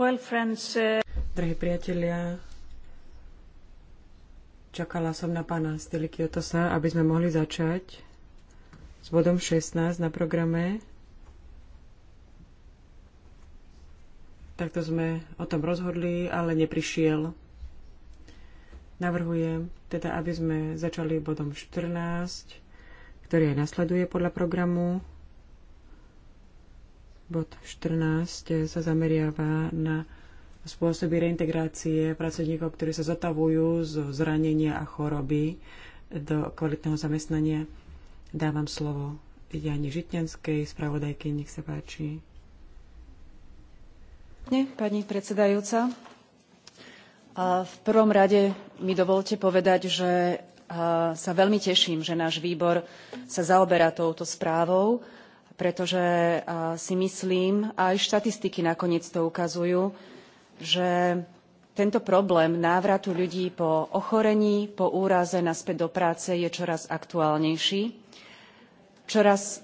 Well, friends, uh... Drahí priatelia, čakala som na pána Otosa, aby sme mohli začať s bodom 16 na programe. Takto sme o tom rozhodli, ale neprišiel. Navrhujem teda, aby sme začali bodom 14, ktorý aj nasleduje podľa programu. Bod 14 eh, sa zameriava na spôsoby reintegrácie pracovníkov, ktorí sa zotavujú zo zranenia a choroby do kvalitného zamestnania. Dávam slovo Jani Žitňanskej, spravodajky, nech sa páči. Ne, pani predsedajúca, a v prvom rade mi dovolte povedať, že sa veľmi teším, že náš výbor sa zaoberá touto správou pretože e, si myslím, a aj štatistiky nakoniec to ukazujú, že tento problém návratu ľudí po ochorení, po úraze naspäť do práce je čoraz aktuálnejší. Čoraz,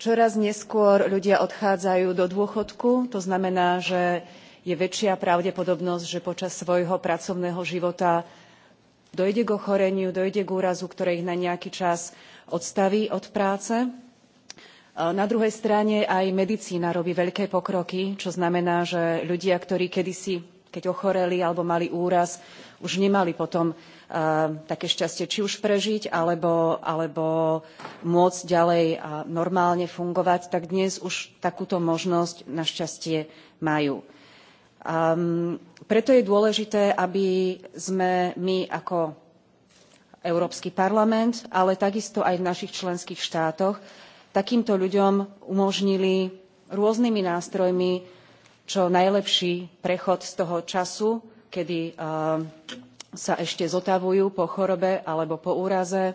čoraz neskôr ľudia odchádzajú do dôchodku, to znamená, že je väčšia pravdepodobnosť, že počas svojho pracovného života dojde k ochoreniu, dojde k úrazu, ktoré ich na nejaký čas odstaví od práce na druhej strane aj medicína robí veľké pokroky, čo znamená, že ľudia, ktorí kedysi, keď ochoreli alebo mali úraz, už nemali potom také šťastie či už prežiť alebo, alebo môcť ďalej normálne fungovať, tak dnes už takúto možnosť našťastie majú. Um, preto je dôležité, aby sme my ako Európsky parlament, ale takisto aj v našich členských štátoch takýmto ľuďom umožnili rôznymi nástrojmi čo najlepší prechod z toho času kedy eh, sa ešte zotavujú po chorobe alebo po úraze eh,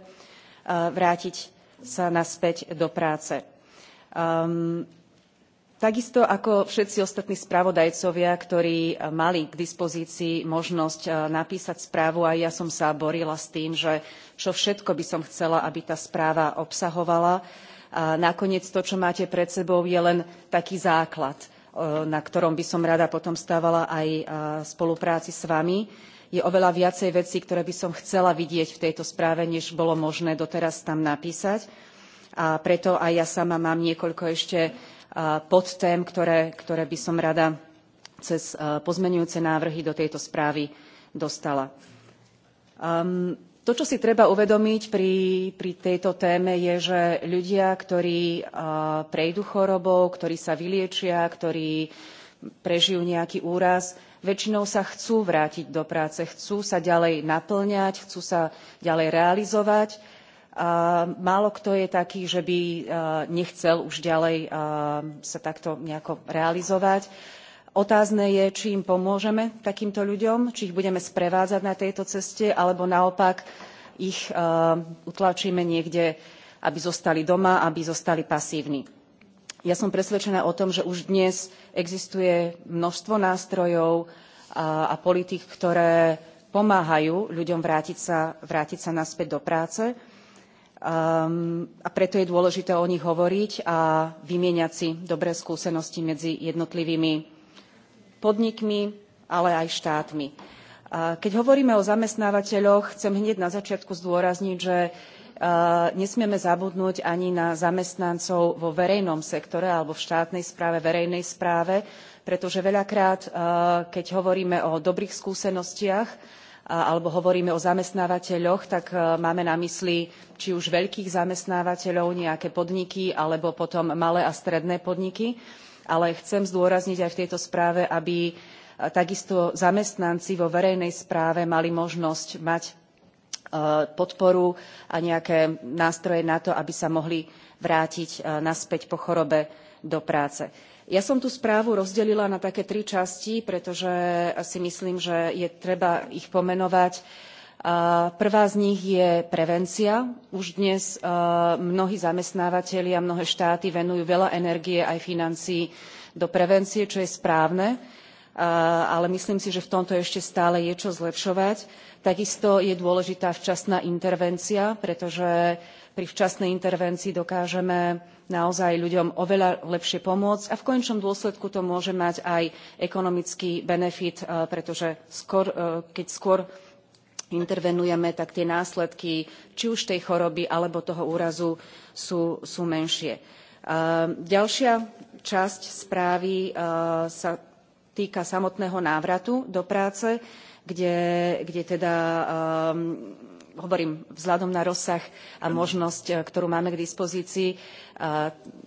vrátiť sa naspäť do práce. Ehm, takisto ako všetci ostatní spravodajcovia ktorí eh, mali k dispozícii možnosť napísať správu aj ja som sa borila s tým že čo všetko by som chcela aby tá správa obsahovala a nakoniec to čo máte pred sebou je len taký základ e, na ktorom by som rada potom stavala aj e, v spolupráci s vami. Je oveľa viacej vecí, ktoré by som chcela vidieť v tejto správe, než bolo možné doteraz tam napísať. A preto aj ja sama mám niekoľko ešte e, podtém, ktoré, ktoré by som rada cez pozmenujúce návrhy do tejto správy dostala. Ehm, to, čo si treba uvedomiť pri, pri tejto téme, je, že ľudia, ktorí prejdú chorobou, ktorí sa vyliečia, ktorí prežijú nejaký úraz, väčšinou sa chcú vrátiť do práce, chcú sa ďalej naplňať, chcú sa ďalej realizovať. A málo kto je taký, že by nechcel už ďalej sa takto nejako realizovať Otázne je, či im pomôžeme takýmto ľuďom, či ich budeme sprevádzať na tejto ceste, alebo naopak ich eh, utlačíme niekde, aby zostali doma, aby zostali pasívni. Ja som presvedčená o tom, že už dnes existuje množstvo nástrojov eh, a, politík, ktoré pomáhajú ľuďom vrátiť sa, vrátiť sa naspäť do práce. Ehm, a preto je dôležité o nich hovoriť a vymieňať si dobré skúsenosti medzi jednotlivými podnikmi, ale aj štátmi. Keď hovoríme o zamestnávateľoch, chcem hneď na začiatku zdôrazniť, že e, nesmieme zabudnúť ani na zamestnancov vo verejnom sektore alebo v štátnej správe verejnej správe pretože veľakrát e, keď hovoríme o dobrých skúsenostiach alebo hovoríme o zamestnávateľoch tak e, máme na mysli či už veľkých zamestnávateľov nejaké podniky alebo potom malé a stredné podniky ale chcem zdôrazniť aj v tejto správe aby e, takisto zamestnanci vo verejnej správe mali možnosť mať e, podporu a nejaké nástroje na to aby sa mohli vrátiť e, naspäť po chorobe do práce. ja som tú správu rozdelila na také tri časti pretože si myslím že je treba ich pomenovať Prvá z nich je prevencia. Už dnes mnohí zamestnávatelia a mnohé štáty venujú veľa energie aj financií do prevencie, čo je správne, ale myslím si, že v tomto ešte stále je čo zlepšovať. Takisto je dôležitá včasná intervencia, pretože pri včasnej intervencii dokážeme naozaj ľuďom oveľa lepšie pomôcť a v konečnom dôsledku to môže mať aj ekonomický benefit, pretože skôr, keď skôr intervenujeme, tak tie následky či už tej choroby alebo toho úrazu sú, menšie. E, ďalšia časť správy e, sa týka samotného návratu do práce, kde, kde teda e, hovorím vzhľadom na rozsah a možnosť, ktorú máme k dispozícii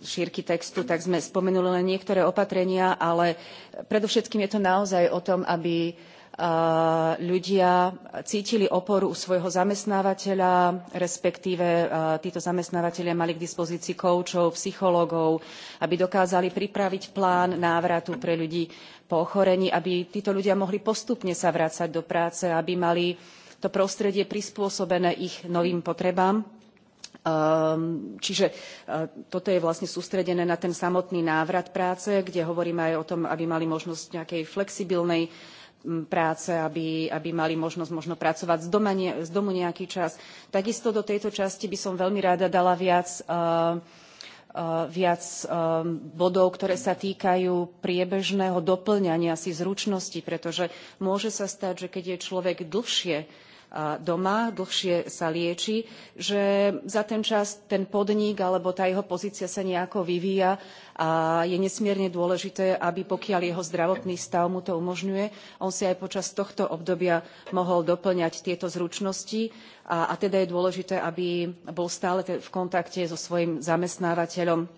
šírky textu, tak sme spomenuli len niektoré opatrenia, ale predovšetkým je to naozaj o tom, aby Eh, ľudia cítili oporu u svojho zamestnávateľa respektíve eh, títo zamestnávateľia mali k dispozícii koučov psychológov aby dokázali pripraviť plán návratu pre ľudí po ochorení aby títo ľudia mohli postupne sa vrácať do práce aby mali to prostredie prispôsobené ich novým potrebám ehm, čiže eh, toto je vlastne sústredené na ten samotný návrat práce kde hovoríme aj o tom aby mali možnosť nejakej flexibilnej práce, aby, aby mali možnosť možno pracovať z, doma, z domu nejaký čas. Takisto do tejto časti by som veľmi rada dala viac uh, viac e, bodov, ktoré sa týkajú priebežného doplňania si zručností, pretože môže sa stať, že keď je človek dlhšie doma, dlhšie sa lieči, že za ten čas ten podnik alebo tá jeho pozícia sa nejako vyvíja a je nesmierne dôležité, aby pokiaľ jeho zdravotný stav mu to umožňuje, on si aj počas tohto obdobia mohol doplňať tieto zručnosti a, a teda je dôležité, aby bol stále v kontakte so svojím zamestnávateľom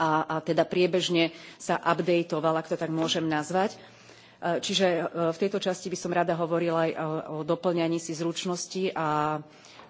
a, a teda priebežne sa updateoval, ak to tak môžem nazvať E, čiže e, v tejto časti by som rada hovorila aj o doplňaní si zručnosti a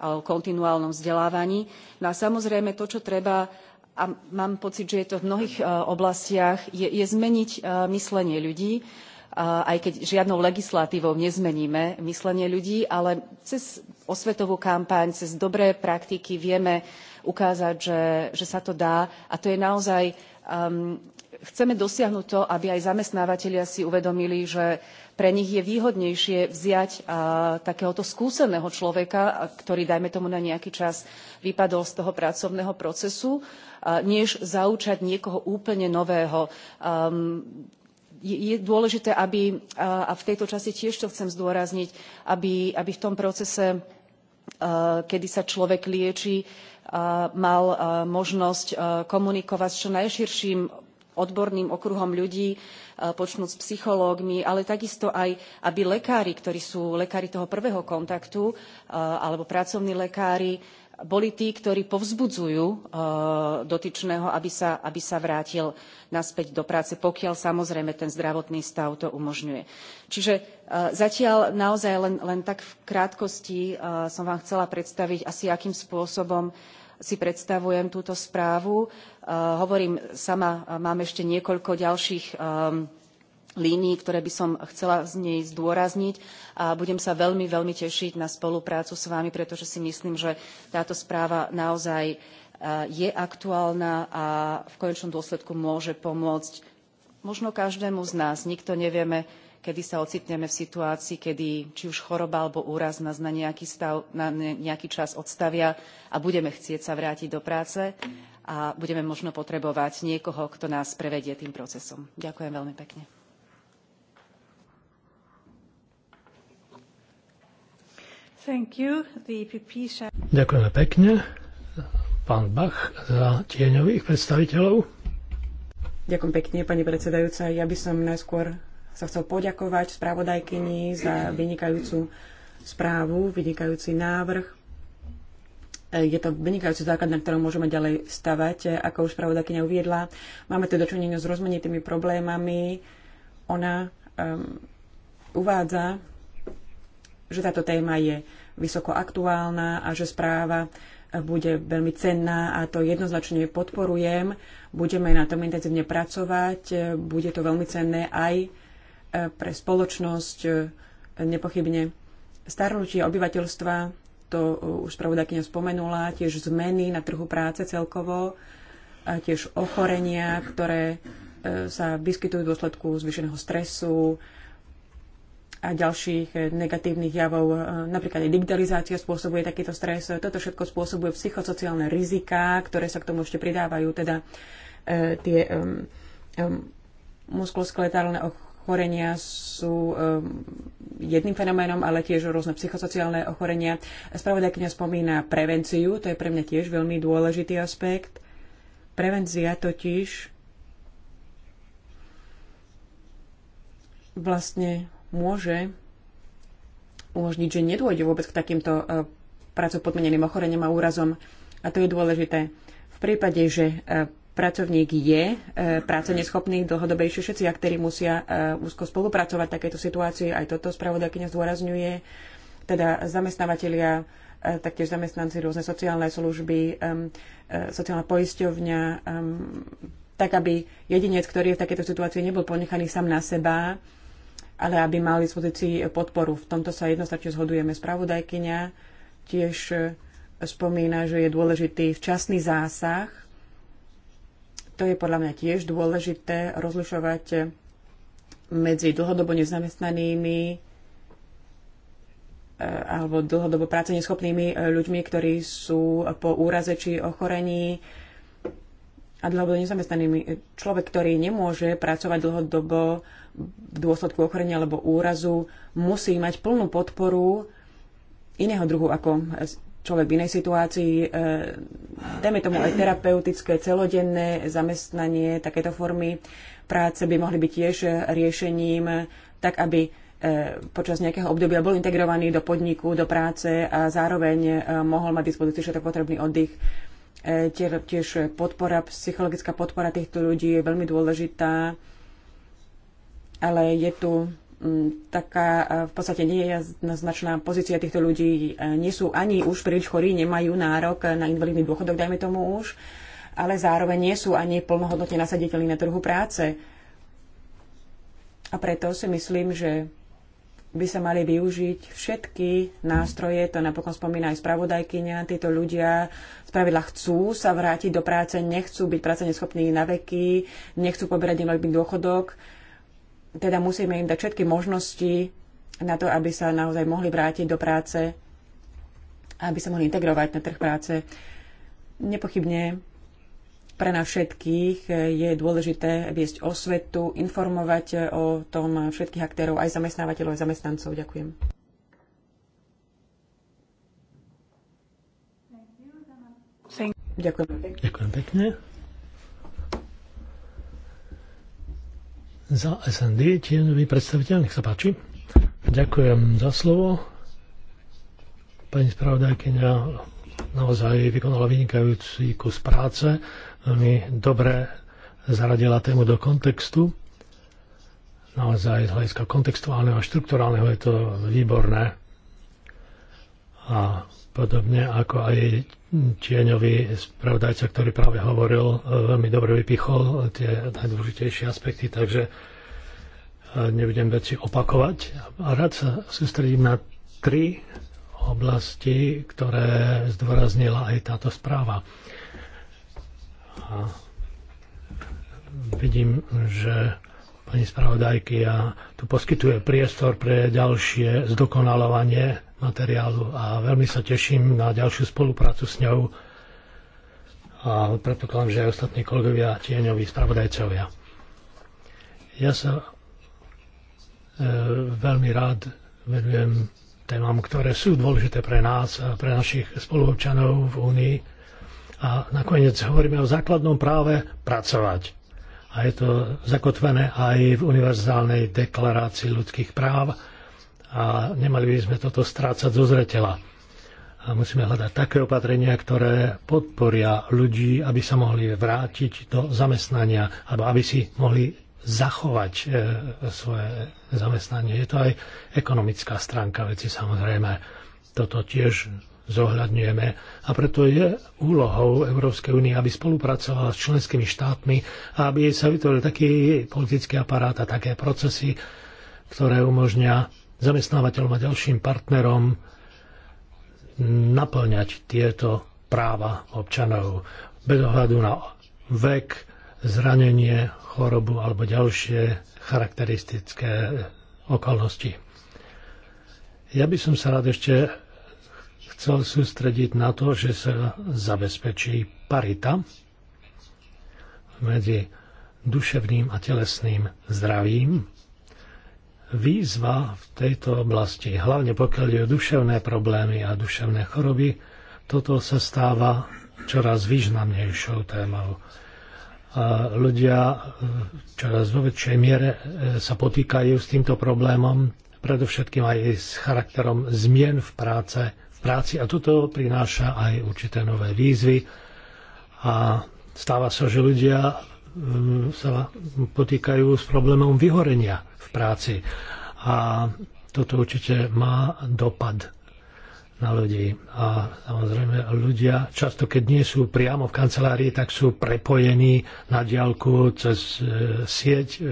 o kontinuálnom vzdelávaní. No a samozrejme to, čo treba, a mám pocit, že je to v mnohých e, oblastiach, je, je zmeniť myslenie ľudí, aj keď žiadnou legislatívou nezmeníme myslenie ľudí, ale cez osvetovú kampaň, cez dobré praktiky vieme ukázať, že, že sa to dá. A to je naozaj Um, chceme dosiahnuť to aby aj zamestnávatelia si uvedomili že pre nich je výhodnejšie vziať uh, takéhoto skúseného človeka ktorý dajme tomu na nejaký čas vypadol z toho pracovného procesu uh, než zaučať niekoho úplne nového. Um, je dôležité aby uh, a v tejto časti tiež to chcem zdôrazniť aby, v tom procese kedy sa človek lieči mal možnosť komunikovať s čo najširším odborným okruhom ľudí počnúc psychológmi ale takisto aj aby lekári ktorí sú lekári toho prvého kontaktu alebo pracovní lekári boli tí ktorí povzbudzujú dotyčného aby sa, aby sa vrátil naspäť do práce pokiaľ samozrejme ten zdravotný stav to umožňuje. čiže zatiaľ naozaj len, len tak v krátkosti som vám chcela predstaviť asi akým spôsobom si predstavujem túto správu. E, hovorím, sama mám ešte niekoľko ďalších e, línií, ktoré by som chcela z nej zdôrazniť a budem sa veľmi, veľmi tešiť na spoluprácu s vami, pretože si myslím, že táto správa naozaj e, je aktuálna a v konečnom dôsledku môže pomôcť možno každému z nás. Nikto nevieme, kedy sa ocitneme v situácii kedy či už choroba alebo úraz nás na nejaký, stav, na nejaký čas odstavia a budeme chcieť sa vrátiť do práce a budeme možno potrebovať niekoho kto nás prevedie tým procesom. ďakujem veľmi pekne. E Ďakujeme pekne. Pán Bach za tieňových predstaviteľov. Ďakujem pekne, pani predsedajúca. Ja by som najskôr sa chcel poďakovať spravodajkyni za vynikajúcu správu, vynikajúci návrh. E, je to vynikajúci základ, na ktorom môžeme ďalej stavať, e, ako už spravodajkyňa uviedla. Máme tu dočinenie s rozmanitými problémami. Ona um, uvádza, že táto téma je vysoko aktuálna a že správa e, bude veľmi cenná a to jednoznačne podporujem. Budeme na tom intenzívne pracovať. Bude to veľmi cenné aj pre spoločnosť e, nepochybne. Starnutie obyvateľstva, to e, už spravodajkynia spomenula, tiež zmeny na trhu práce celkovo, a tiež ochorenia, ktoré e, sa vyskytujú v dôsledku zvýšeného stresu a ďalších negatívnych javov. Napríklad aj digitalizácia spôsobuje takýto stres. Toto všetko spôsobuje psychosociálne riziká, ktoré sa k tomu ešte pridávajú, teda tie um, um, muskuloskeletálne ochorenia ochorenia sú um, jedným fenoménom, ale tiež rôzne psychosociálne ochorenia. Spravodajkynia spomína prevenciu, to je pre mňa tiež veľmi dôležitý aspekt. Prevencia totiž vlastne môže umožniť, že nedôjde vôbec k takýmto uh, e, pracou podmeneným ochoreniam a úrazom. A to je dôležité. V prípade, že uh, pracovník je e, schopný dlhodobejšie všetci aktéry musia e, úzko spolupracovať v takejto situácii. Aj toto spravodajkyňa zdôrazňuje. Teda zamestnávateľia, e, taktiež zamestnanci rôzne sociálne služby, sociálna poisťovňa, tak aby jedinec, ktorý je v takejto situácii, nebol ponechaný sám na seba, ale aby mal v dispozícii podporu. V tomto sa jednoznačne zhodujeme. Spravodajkyňa tiež spomína, že je dôležitý včasný zásah to je podľa mňa tiež dôležité rozlišovať medzi dlhodobo nezamestnanými e, alebo dlhodobo práce neschopnými e, ľuďmi, ktorí sú po úraze či ochorení a dlhodobo nezamestnanými. E, človek, ktorý nemôže pracovať dlhodobo v dôsledku ochorenia alebo úrazu, musí mať plnú podporu iného druhu ako človek v inej situácii, e, dajme tomu aj terapeutické, celodenné zamestnanie, takéto formy práce by mohli byť tiež riešením, tak aby e, počas nejakého obdobia bol integrovaný do podniku, do práce a zároveň e, mohol mať dispozíciu všetko potrebný oddych. E, tiež, tiež podpora, psychologická podpora týchto ľudí je veľmi dôležitá, ale je tu Mm, taká e, v podstate nie je jednoznačná pozícia týchto ľudí. E, nie sú ani už príliš chorí, nemajú nárok na invalidný dôchodok, dajme tomu už, ale zároveň nie sú ani plnohodnotne nasaditeľní na trhu práce. A preto si myslím, že by sa mali využiť všetky nástroje, to napokon spomína aj spravodajkyňa, títo ľudia z pravidla chcú sa vrátiť do práce, nechcú byť práce neschopní na veky, nechcú poberať invalidný dôchodok, teda musíme im dať všetky možnosti na to, aby sa naozaj mohli vrátiť do práce, aby sa mohli integrovať na trh práce. Nepochybne pre nás všetkých je dôležité viesť osvetu, informovať o tom všetkých aktérov, aj zamestnávateľov, aj zamestnancov. Ďakujem. Ďakujem. Ďakujem pekne. za SND, tieňový predstaviteľ, nech sa páči. Ďakujem za slovo. Pani spravodajkyňa naozaj vykonala vynikajúci kus práce, veľmi dobre zaradila tému do kontextu. Naozaj z hľadiska kontextuálneho a štruktúrálneho je to výborné. A Podobne ako aj tieňový spravodajca, ktorý práve hovoril, e, veľmi dobre vypichol tie najdôležitejšie aspekty, takže e, nebudem veci opakovať. A rád sa sústredím na tri oblasti, ktoré zdôraznila aj táto správa. A vidím, že pani spravodajky a tu poskytuje priestor pre ďalšie zdokonalovanie materiálu a veľmi sa teším na ďalšiu spoluprácu s ňou a predpokladám, že aj ostatní kolegovia tieňoví spravodajcovia. Ja sa e, veľmi rád venujem témam, ktoré sú dôležité pre nás a pre našich spoluobčanov v Únii. A nakoniec hovoríme o základnom práve pracovať. A je to zakotvené aj v Univerzálnej deklarácii ľudských práv, a nemali by sme toto strácať zo zretela. A musíme hľadať také opatrenia, ktoré podporia ľudí, aby sa mohli vrátiť do zamestnania, alebo aby si mohli zachovať e, svoje zamestnanie. Je to aj ekonomická stránka veci samozrejme. Toto tiež zohľadňujeme. A preto je úlohou Európskej únie, aby spolupracovala s členskými štátmi a aby sa vytvoril taký politický aparát a také procesy, ktoré umožňa zamestnávateľom a ďalším partnerom naplňať tieto práva občanov bez ohľadu na vek, zranenie, chorobu alebo ďalšie charakteristické okolnosti. Ja by som sa rád ešte chcel sústrediť na to, že sa zabezpečí parita medzi duševným a telesným zdravím výzva v tejto oblasti, hlavne pokiaľ je duševné problémy a duševné choroby, toto sa stáva čoraz významnejšou témou. A ľudia e, čoraz vo väčšej miere e, sa potýkajú s týmto problémom, predovšetkým aj s charakterom zmien v práce, v práci a toto prináša aj určité nové výzvy a stáva sa, že ľudia Mm, sa potýkajú s problémom vyhorenia v práci. A toto určite má dopad na ľudí. A samozrejme ľudia, často keď nie sú priamo v kancelárii, tak sú prepojení na diálku cez e, sieť e, e,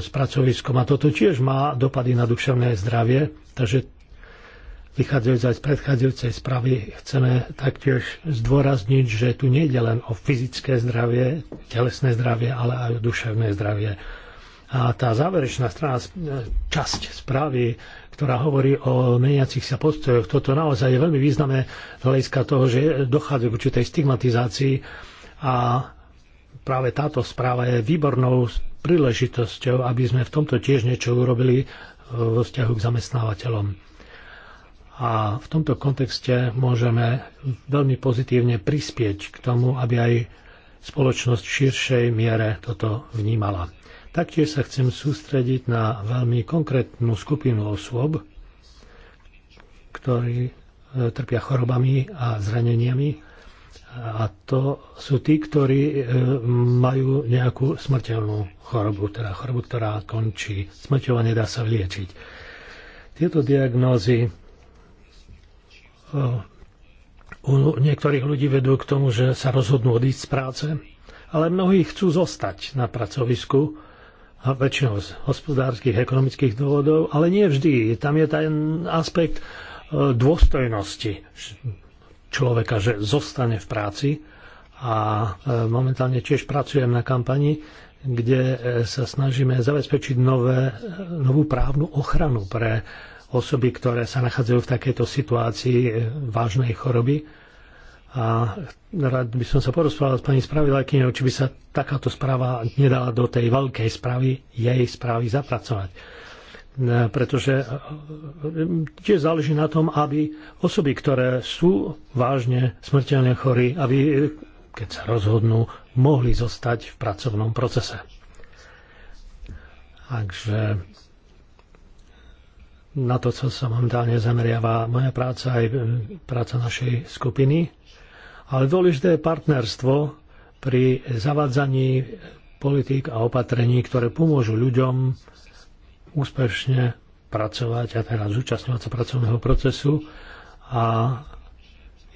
s pracoviskom. A toto tiež má dopady na duševné zdravie. Takže vychádzajúc aj z predchádzajúcej správy, chceme taktiež zdôrazniť, že tu nie je len o fyzické zdravie, telesné zdravie, ale aj o duševné zdravie. A tá záverečná strana, časť správy, ktorá hovorí o meniacich sa postojoch, toto naozaj je veľmi významné z hľadiska toho, že dochádza k určitej stigmatizácii a práve táto správa je výbornou príležitosťou, aby sme v tomto tiež niečo urobili vo vzťahu k zamestnávateľom. A v tomto kontexte môžeme veľmi pozitívne prispieť k tomu, aby aj spoločnosť v širšej miere toto vnímala. Taktiež sa chcem sústrediť na veľmi konkrétnu skupinu osôb, ktorí e, trpia chorobami a zraneniami. A to sú tí, ktorí e, majú nejakú smrteľnú chorobu, teda chorobu, ktorá končí. Smrteľa nedá sa vliečiť. Tieto diagnózy u niektorých ľudí vedú k tomu, že sa rozhodnú odísť z práce, ale mnohí chcú zostať na pracovisku, a väčšinou z hospodárskych, ekonomických dôvodov, ale nie vždy. Tam je ten aspekt e, dôstojnosti človeka, že zostane v práci. A e, momentálne tiež pracujem na kampani, kde e, sa snažíme zabezpečiť nové, novú právnu ochranu pre osoby, ktoré sa nachádzajú v takejto situácii e, vážnej choroby. A rád by som sa porozprával s pani spravodajkyňou, či by sa takáto správa nedala do tej veľkej správy, jej správy zapracovať. E, pretože e, tiež záleží na tom, aby osoby, ktoré sú vážne smrteľne chorí, aby keď sa rozhodnú, mohli zostať v pracovnom procese. Takže na to, čo sa momentálne zameriava moja práca aj e, práca našej skupiny. Ale dôležité je partnerstvo pri zavádzaní politík a opatrení, ktoré pomôžu ľuďom úspešne pracovať a teraz zúčastňovať sa pracovného procesu a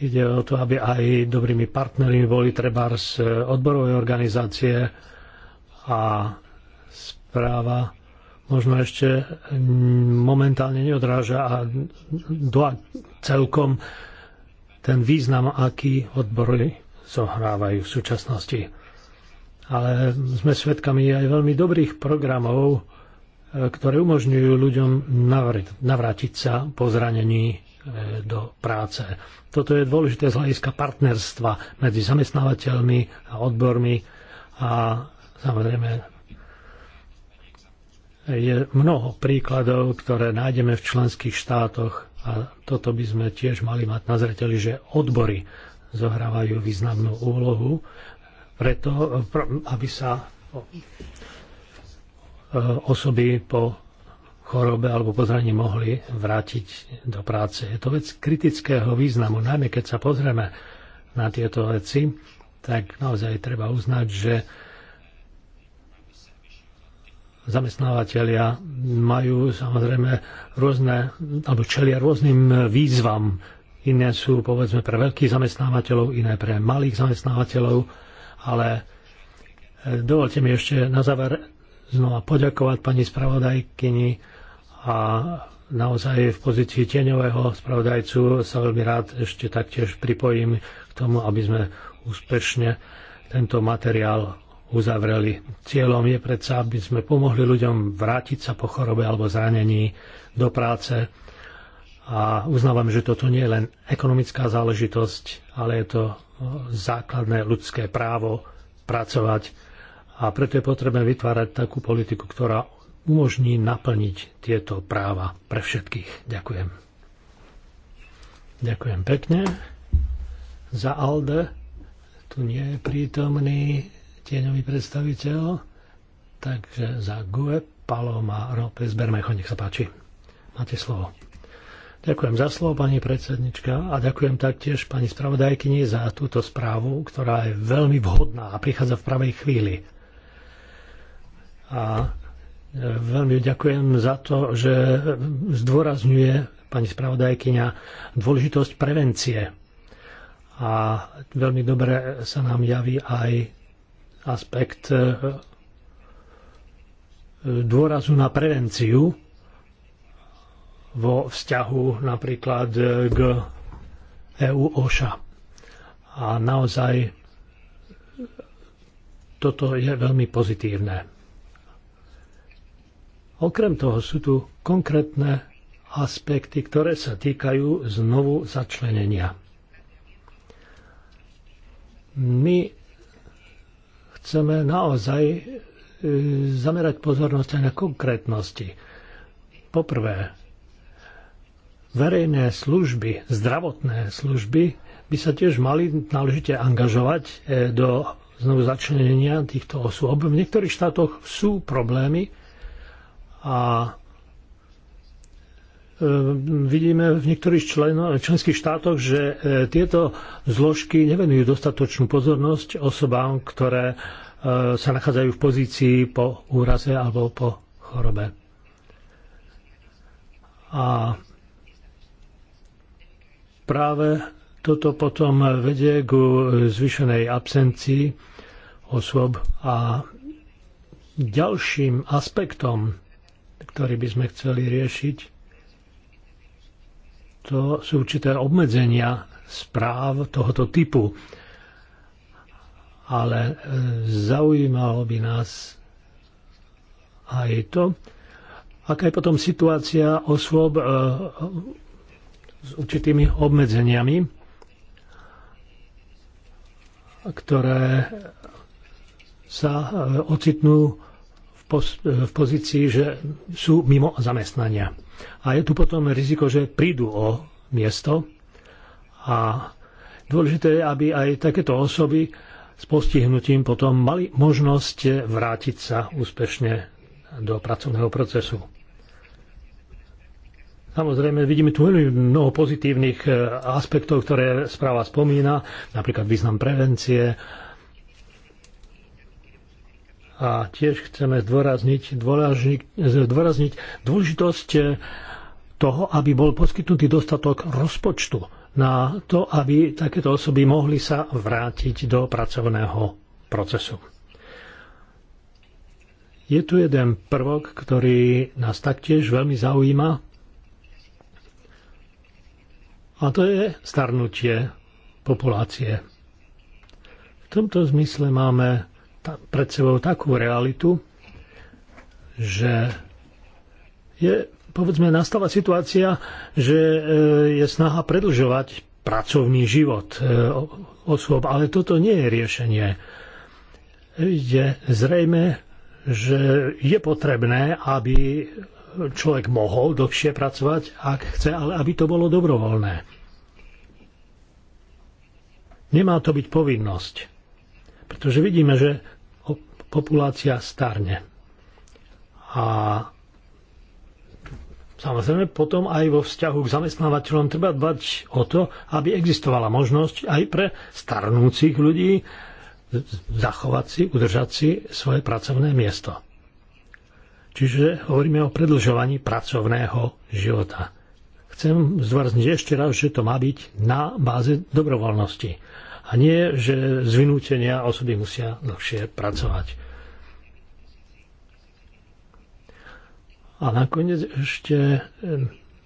ide o to, aby aj dobrými partnermi boli trebárs e, odborové organizácie a správa možno ešte momentálne neodráža a do celkom ten význam, aký odbory zohrávajú v súčasnosti. Ale sme svedkami aj veľmi dobrých programov, e, ktoré umožňujú ľuďom navrátiť sa po zranení e, do práce. Toto je dôležité z hľadiska partnerstva medzi zamestnávateľmi a odbormi a samozrejme je mnoho príkladov, ktoré nájdeme v členských štátoch a toto by sme tiež mali mať na zreteli, že odbory zohrávajú významnú úlohu, preto, aby sa e, osoby po chorobe alebo po zraní mohli vrátiť do práce. Je to vec kritického významu, najmä keď sa pozrieme na tieto veci, tak naozaj treba uznať, že zamestnávateľia majú samozrejme rôzne, alebo čelia rôznym výzvam. Iné sú povedzme pre veľkých zamestnávateľov, iné pre malých zamestnávateľov, ale e, dovolte mi ešte na záver znova poďakovať pani spravodajkyni a naozaj v pozícii tieňového spravodajcu sa veľmi rád ešte taktiež pripojím k tomu, aby sme úspešne tento materiál uzavreli. Cieľom je predsa, aby sme pomohli ľuďom vrátiť sa po chorobe alebo zranení do práce. A uznávam, že toto nie je len ekonomická záležitosť, ale je to e, základné ľudské právo pracovať. A preto je potrebné vytvárať takú politiku, ktorá umožní naplniť tieto práva pre všetkých. Ďakujem. Ďakujem pekne. Za Alde tu nie je prítomný tieňový predstaviteľ. Takže za GUE Paloma Rópez Bermecho, nech sa páči. Máte slovo. Ďakujem za slovo, pani predsednička, a ďakujem taktiež pani spravodajkyni za túto správu, ktorá je veľmi vhodná a prichádza v pravej chvíli. A e, Veľmi ďakujem za to, že zdôrazňuje pani spravodajkyňa dôležitosť prevencie. A veľmi dobre sa nám javí aj aspekt e, dôrazu na prevenciu vo vzťahu napríklad e, k EU OŠA. A naozaj toto je veľmi pozitívne. Okrem toho sú tu konkrétne aspekty, ktoré sa týkajú znovu začlenenia. My chceme naozaj e, zamerať pozornosť aj na konkrétnosti. Poprvé, verejné služby, zdravotné služby by sa tiež mali náležite angažovať e, do znovu začlenenia týchto osôb. V niektorých štátoch sú problémy a Ehm, vidíme v niektorých člen, členských štátoch, že e, tieto zložky nevenujú dostatočnú pozornosť osobám, ktoré e, sa nachádzajú v pozícii po úraze alebo po chorobe. A práve toto potom vedie k zvyšenej absencii osôb a ďalším aspektom, ktorý by sme chceli riešiť, to sú určité obmedzenia správ tohoto typu. Ale e, zaujímalo by nás aj to, aká je potom situácia osôb e, s určitými obmedzeniami, ktoré sa e, ocitnú v pozícii, že sú mimo zamestnania. A je tu potom riziko, že prídu o miesto a dôležité je, aby aj takéto osoby s postihnutím potom mali možnosť vrátiť sa úspešne do pracovného procesu. Samozrejme, vidíme tu veľmi mnoho pozitívnych eh, aspektov, ktoré správa spomína, napríklad význam prevencie, a tiež chceme zdôrazniť, zdôrazniť dôležitosť eh, toho, aby bol poskytnutý dostatok rozpočtu na to, aby takéto osoby mohli sa vrátiť do pracovného procesu. Je tu jeden prvok, ktorý nás taktiež veľmi zaujíma a to je starnutie populácie. V tomto zmysle máme pred sebou takú realitu, že je, povedzme, nastala situácia, že e, je snaha predlžovať pracovný život e, osôb, ale toto nie je riešenie. Je zrejme, že je potrebné, aby človek mohol dlhšie pracovať, ak chce, ale aby to bolo dobrovoľné. Nemá to byť povinnosť. Pretože vidíme, že populácia starne. A samozrejme potom aj vo vzťahu k zamestnávateľom treba dbať o to, aby existovala možnosť aj pre starnúcich ľudí zachovať si, udržať si svoje pracovné miesto. Čiže hovoríme o predlžovaní pracovného života. Chcem zdôrazniť ešte raz, že to má byť na báze dobrovoľnosti. A nie, že z vynútenia osoby musia dlhšie pracovať. A nakoniec ešte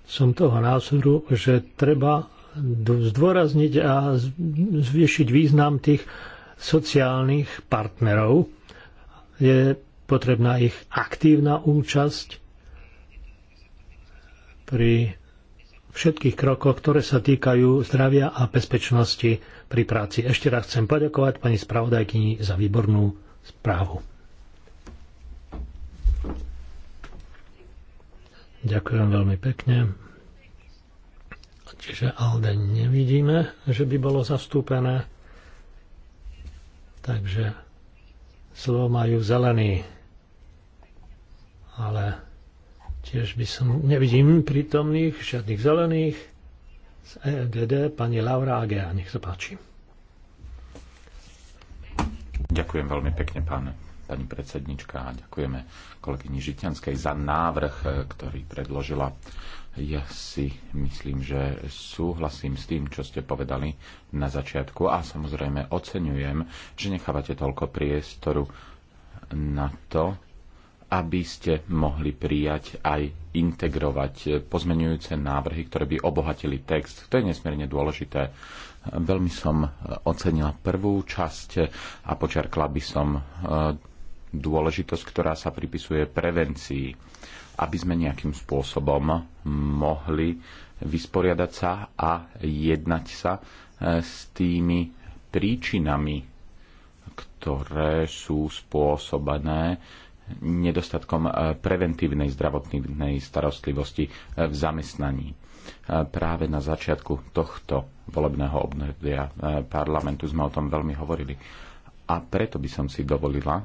som toho názoru, že treba zdôrazniť a zvýšiť význam tých sociálnych partnerov. Je potrebná ich aktívna účasť pri všetkých krokoch, ktoré sa týkajú zdravia a bezpečnosti pri práci. Ešte raz chcem poďakovať pani spravodajkyni za výbornú správu. Ďakujem veľmi pekne. Čiže Alde nevidíme, že by bolo zastúpené. Takže slovo majú zelený. Ale tiež by som... Nevidím prítomných, žiadnych zelených. Z EGD pani Laura Agea, nech sa páči. Ďakujem veľmi pekne, pán pani predsednička a ďakujeme kolegyni Žitianskej za návrh, e, ktorý predložila. Ja si myslím, že súhlasím s tým, čo ste povedali na začiatku a samozrejme oceňujem, že nechávate toľko priestoru na to, aby ste mohli prijať aj integrovať pozmenujúce návrhy, ktoré by obohatili text. To je nesmierne dôležité. Veľmi som ocenila prvú časť a počerkla by som e, dôležitosť, ktorá sa pripisuje prevencii, aby sme nejakým spôsobom mohli vysporiadať sa a jednať sa e, s tými príčinami, ktoré sú spôsobené nedostatkom e, preventívnej zdravotnej starostlivosti e, v zamestnaní. Práve na začiatku tohto volebného obdobia parlamentu sme o tom veľmi hovorili. A preto by som si dovolila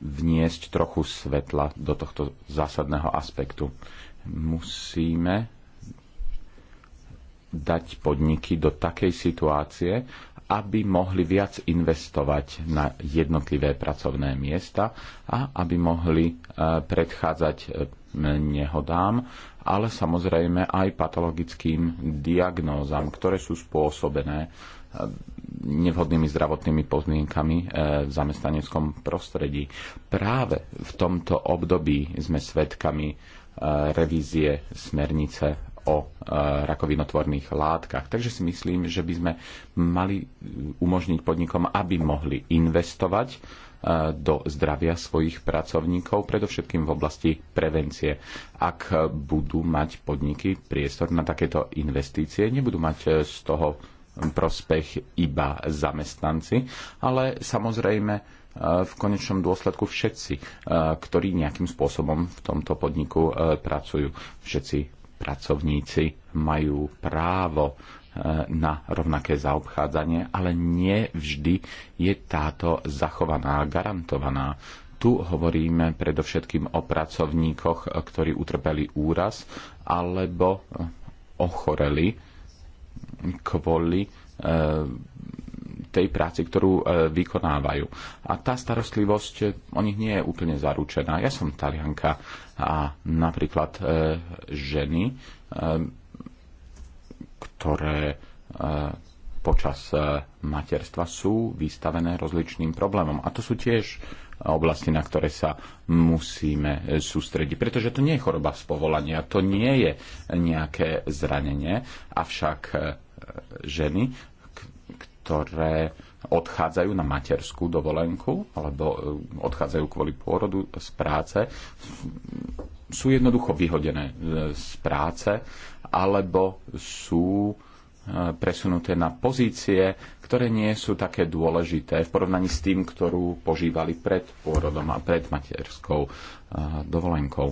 vniesť trochu svetla do tohto zásadného aspektu. Musíme dať podniky do takej situácie, aby mohli viac investovať na jednotlivé pracovné miesta a aby mohli e, predchádzať e, nehodám, ale samozrejme aj patologickým diagnózam, ktoré sú spôsobené nevhodnými zdravotnými podmienkami eh, v zamestnaneckom prostredí. Práve v tomto období sme svedkami eh, revízie smernice o eh, rakovinotvorných látkach. Takže si myslím, že by sme mali umožniť podnikom, aby mohli investovať do zdravia svojich pracovníkov, predovšetkým v oblasti prevencie. Ak budú mať podniky priestor na takéto investície, nebudú mať z toho prospech iba zamestnanci, ale samozrejme e, v konečnom dôsledku všetci, e, ktorí nejakým spôsobom v tomto podniku e, pracujú. Všetci pracovníci majú právo na rovnaké zaobchádzanie, ale nie vždy je táto zachovaná, garantovaná. Tu hovoríme predovšetkým o pracovníkoch, ktorí utrpeli úraz alebo ochoreli kvôli e, tej práci, ktorú e, vykonávajú. A tá starostlivosť e, o nich nie je úplne zaručená. Ja som talianka a napríklad ženy, ktoré počas materstva sú vystavené rozličným problémom. A to sú tiež oblasti, na ktoré sa musíme sústrediť. Pretože to nie je choroba z povolania, to nie je nejaké zranenie, avšak ženy, ktoré odchádzajú na materskú dovolenku alebo e, odchádzajú kvôli pôrodu z práce, sú jednoducho vyhodené e, z práce alebo sú e, presunuté na pozície, ktoré nie sú také dôležité v porovnaní s tým, ktorú požívali pred pôrodom a pred materskou dovolenkou.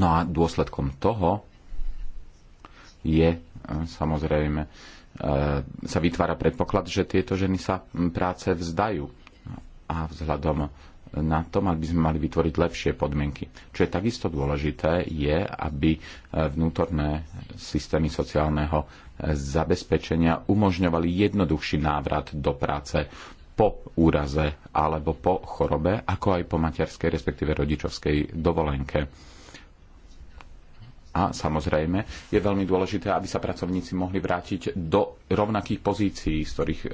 No a dôsledkom toho je samozrejme e, sa vytvára predpoklad, že tieto ženy sa práce vzdajú a vzhľadom na tom, aby sme mali vytvoriť lepšie podmienky. Čo je takisto dôležité, je, aby e, vnútorné systémy sociálneho e, zabezpečenia umožňovali jednoduchší návrat do práce po úraze alebo po chorobe, ako aj po materskej, respektíve rodičovskej dovolenke a samozrejme je veľmi dôležité, aby sa pracovníci mohli vrátiť do rovnakých pozícií, z ktorých, e,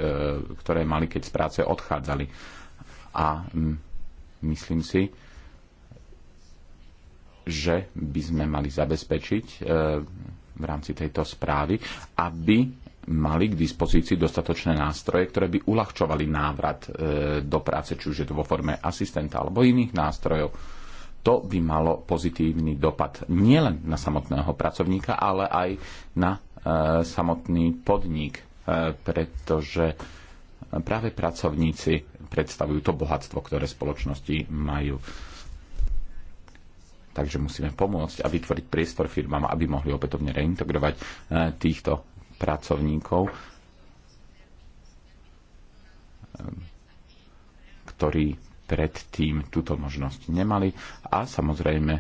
ktoré mali, keď z práce odchádzali. A myslím si, že by sme mali zabezpečiť e, v rámci tejto správy, aby mali k dispozícii dostatočné nástroje, ktoré by uľahčovali návrat e, do práce, či už je to vo forme asistenta alebo iných nástrojov to by malo pozitívny dopad nielen na samotného pracovníka, ale aj na e, samotný podnik, e, pretože práve pracovníci predstavujú to bohatstvo, ktoré spoločnosti majú. Takže musíme pomôcť a vytvoriť priestor firmám, aby mohli opätovne reintegrovať e, týchto pracovníkov, ktorí predtým túto možnosť nemali a samozrejme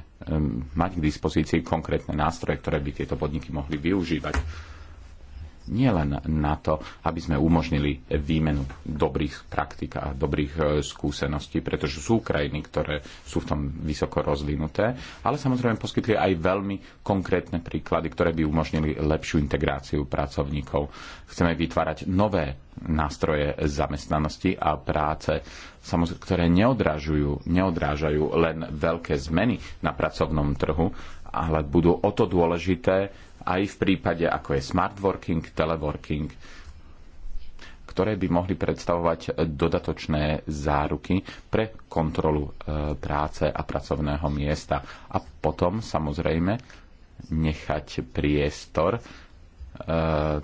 mať k dispozícii konkrétne nástroje, ktoré by tieto podniky mohli využívať nielen na to, aby sme umožnili výmenu dobrých praktik a dobrých e, skúseností, pretože sú krajiny, ktoré sú v tom vysoko rozvinuté, ale samozrejme poskytli aj veľmi konkrétne príklady, ktoré by umožnili lepšiu integráciu pracovníkov. Chceme vytvárať nové nástroje zamestnanosti a práce, ktoré neodrážujú, neodrážajú len veľké zmeny na pracovnom trhu, ale budú o to dôležité, aj v prípade, ako je smart working, teleworking, ktoré by mohli predstavovať dodatočné záruky pre kontrolu e, práce a pracovného miesta. A potom samozrejme nechať priestor e,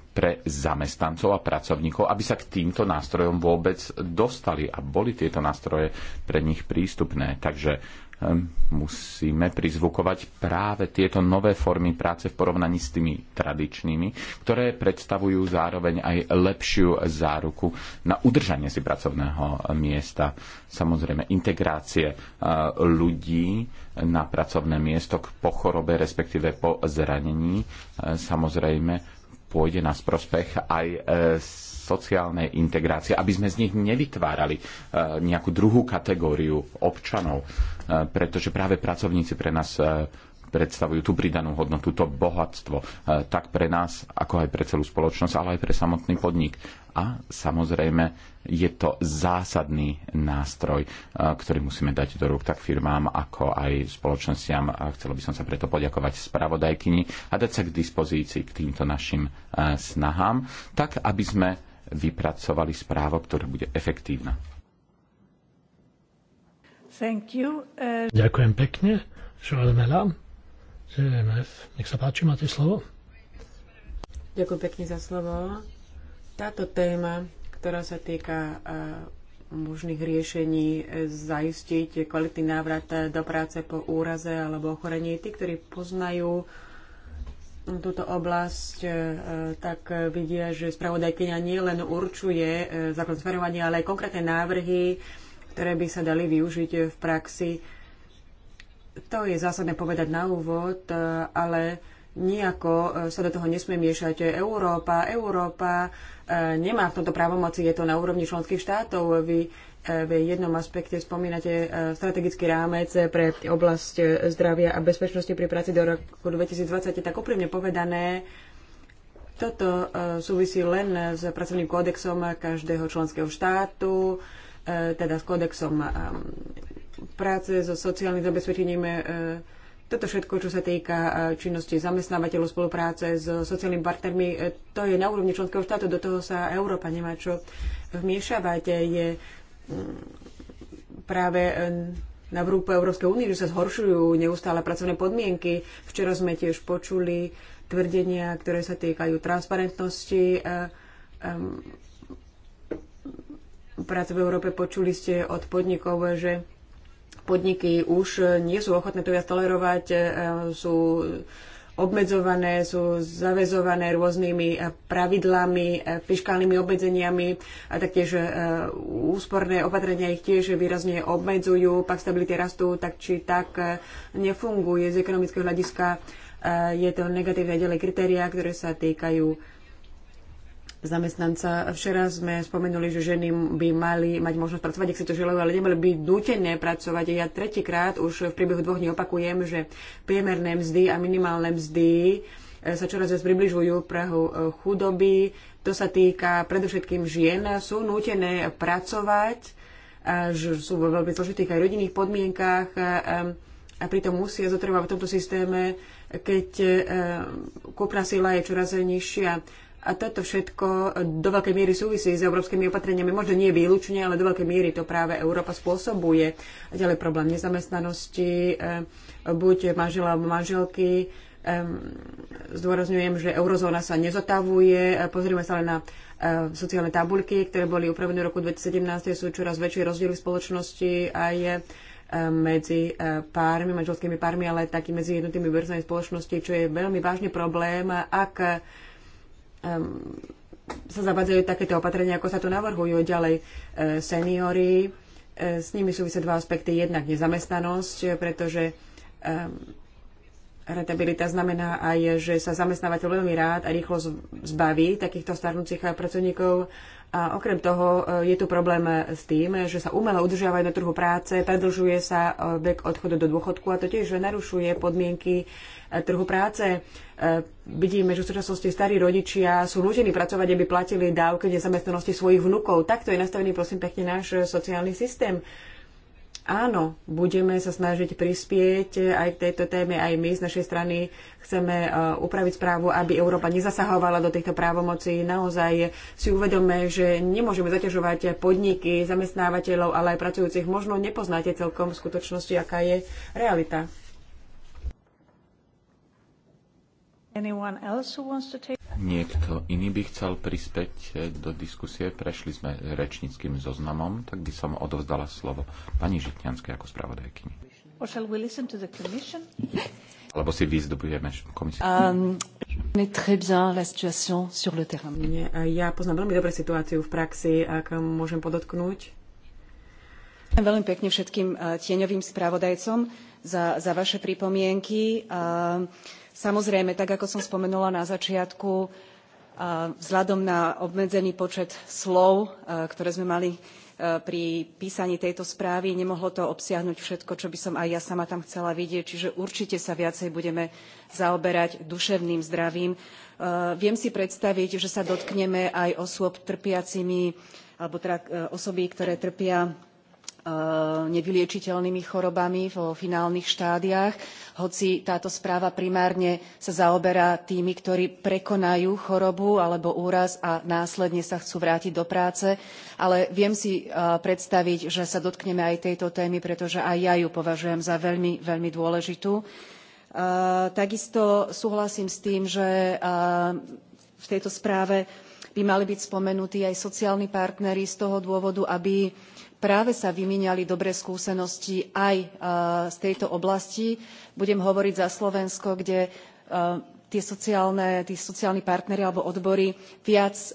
pre zamestnancov a pracovníkov, aby sa k týmto nástrojom vôbec dostali a boli tieto nástroje pre nich prístupné. Takže Ehm, musíme prizvukovať práve tieto nové formy práce v porovnaní s tými tradičnými, ktoré predstavujú zároveň aj lepšiu záruku na udržanie si pracovného miesta. Samozrejme, integrácie eh, ľudí na pracovné miesto po chorobe, respektíve po zranení. Ehm, samozrejme, pôjde na prospech aj e, sociálnej integrácie, aby sme z nich nevytvárali e, nejakú druhú kategóriu občanov, e, pretože práve pracovníci pre nás predstavujú tú pridanú hodnotu, to bohatstvo, e, tak pre nás, ako aj pre celú spoločnosť, ale aj pre samotný podnik. A samozrejme je to zásadný nástroj, e, ktorý musíme dať do rúk tak firmám, ako aj spoločnostiam. A chcelo by som sa preto poďakovať spravodajkyni a dať sa k dispozícii k týmto našim e, snahám, tak aby sme vypracovali správo, ktoré bude efektívna. Thank you. Uh... Ďakujem pekne. Joel ZMF. Nech sa páči, máte slovo. Ďakujem pekne za slovo. Táto téma, ktorá sa týka e, možných riešení e, zaistiť kvalitný návrat e, do práce po úraze alebo ochorení. Tí, ktorí poznajú túto oblasť, tak vidia, že spravodajkynia nielen určuje zákon ale aj konkrétne návrhy, ktoré by sa dali využiť v praxi to je zásadné povedať na úvod, e, ale nejako e, sa do toho nesmie miešať Európa. Európa e, nemá v tomto právomoci, je to na úrovni členských štátov. Vy v jednom aspekte spomínate strategický rámec pre oblasť zdravia a bezpečnosti pri práci do roku 2020. Tak úprimne povedané, toto súvisí len s pracovným kódexom každého členského štátu, teda s kódexom práce so sociálnym zabezpečením, e, toto všetko, čo sa týka e, činnosti zamestnávateľov, spolupráce s sociálnymi partnermi, e, to je na úrovni členského štátu, do toho sa Európa nemá čo vmiešavať. Je mm, práve na vrúpu Európskej únie, že sa zhoršujú neustále pracovné podmienky. Včera sme tiež počuli tvrdenia, ktoré sa týkajú transparentnosti práce v Európe. Počuli ste od podnikov, že podniky už e, nie sú ochotné to viac tolerovať, e, sú obmedzované, sú zavezované rôznymi e, pravidlami, fiskálnymi obmedzeniami a taktiež úsporné opatrenia ich tiež výrazne obmedzujú, pak stability rastú tak či tak nefunguje z ekonomického hľadiska. Je to negatívne ďalej kritéria, ktoré sa týkajú zamestnanca. Včera sme spomenuli, že ženy by mali mať možnosť pracovať, ak si to želajú, ale nemali byť nútené pracovať. Ja tretíkrát už v priebehu dvoch dní opakujem, že priemerné mzdy a minimálne mzdy eh, sa čoraz viac približujú prahu eh, chudoby. To sa týka predovšetkým žien. Sú nútené pracovať, eh, sú vo veľmi zložitých aj rodinných podmienkách a pritom musia zotrvať v tomto systéme, keď kúpna sila je čoraz nižšia. A toto všetko do veľkej miery súvisí s európskymi opatreniami. Možno nie výlučne, ale do veľkej miery to práve Európa spôsobuje. A ďalej problém nezamestnanosti, e, buď manžela alebo manželky. E, zdôrazňujem, že eurozóna sa nezotavuje. E, pozrieme sa len na sociálne tabuľky, ktoré boli upravené v roku 2017. Sú čoraz väčšie rozdiely spoločnosti a je medzi pármi, manželskými pármi, ale taký medzi jednotými verzami spoločnosti, čo je veľmi vážny problém, ak Ehm, sa zavadzajú takéto opatrenia, ako sa tu navrhujú ďalej e, seniory. E, s nimi súvisia dva aspekty. Jednak nezamestnanosť, pretože ehm, Rentabilita znamená aj, že sa zamestnávateľ veľmi rád a rýchlo zbaví takýchto starnúcich pracovníkov a okrem toho e, je tu problém e, s tým, že sa umelo udržiavajú na trhu práce, predlžuje sa e, vek odchodu do dôchodku a to tiež narušuje podmienky trhu práce. Vidíme, že v súčasnosti starí rodičia sú nútení pracovať, aby platili dávky nezamestnanosti svojich vnukov. Takto je nastavený, prosím pekne, náš sociálny systém. Áno, budeme sa snažiť prispieť aj k tejto téme, aj my z našej strany chceme e, upraviť správu, aby Európa nezasahovala do týchto právomocí. Naozaj si uvedome, že nemôžeme zaťažovať podniky, zamestnávateľov, ale aj pracujúcich. Možno nepoznáte celkom v skutočnosti, aká je realita. Niekto iný by chcel prispäť eh, do diskusie. Prešli sme rečníckým zoznamom, tak by som odovzdala slovo pani Žitňanskej ako spravodajkyni. Alebo si vyzdobujeme komisiu. Um, Nie, ja poznám veľmi dobre situáciu v praxi, ak môžem podotknúť. Veľmi pekne všetkým eh, tieňovým spravodajcom za, za vaše pripomienky. Uh, Samozrejme, tak ako som spomenula na začiatku, vzhľadom na obmedzený počet slov, ktoré sme mali pri písaní tejto správy, nemohlo to obsiahnuť všetko, čo by som aj ja sama tam chcela vidieť, čiže určite sa viacej budeme zaoberať duševným zdravím. Viem si predstaviť, že sa dotkneme aj osôb trpiacimi, alebo teda osoby, ktoré trpia Eh, nevyliečiteľnými chorobami vo finálnych štádiách, hoci táto správa primárne sa zaoberá tými, ktorí prekonajú chorobu alebo úraz a následne sa chcú vrátiť do práce. Ale viem si eh, predstaviť, že sa dotkneme aj tejto témy, pretože aj ja ju považujem za veľmi, veľmi dôležitú. Eh, takisto súhlasím s tým, že v tejto správe by mali byť spomenutí aj sociálni partneri z toho dôvodu, aby práve sa vymieňali dobré skúsenosti aj e, z tejto oblasti. Budem hovoriť za Slovensko, kde e, tí sociálni partneri alebo odbory viac e,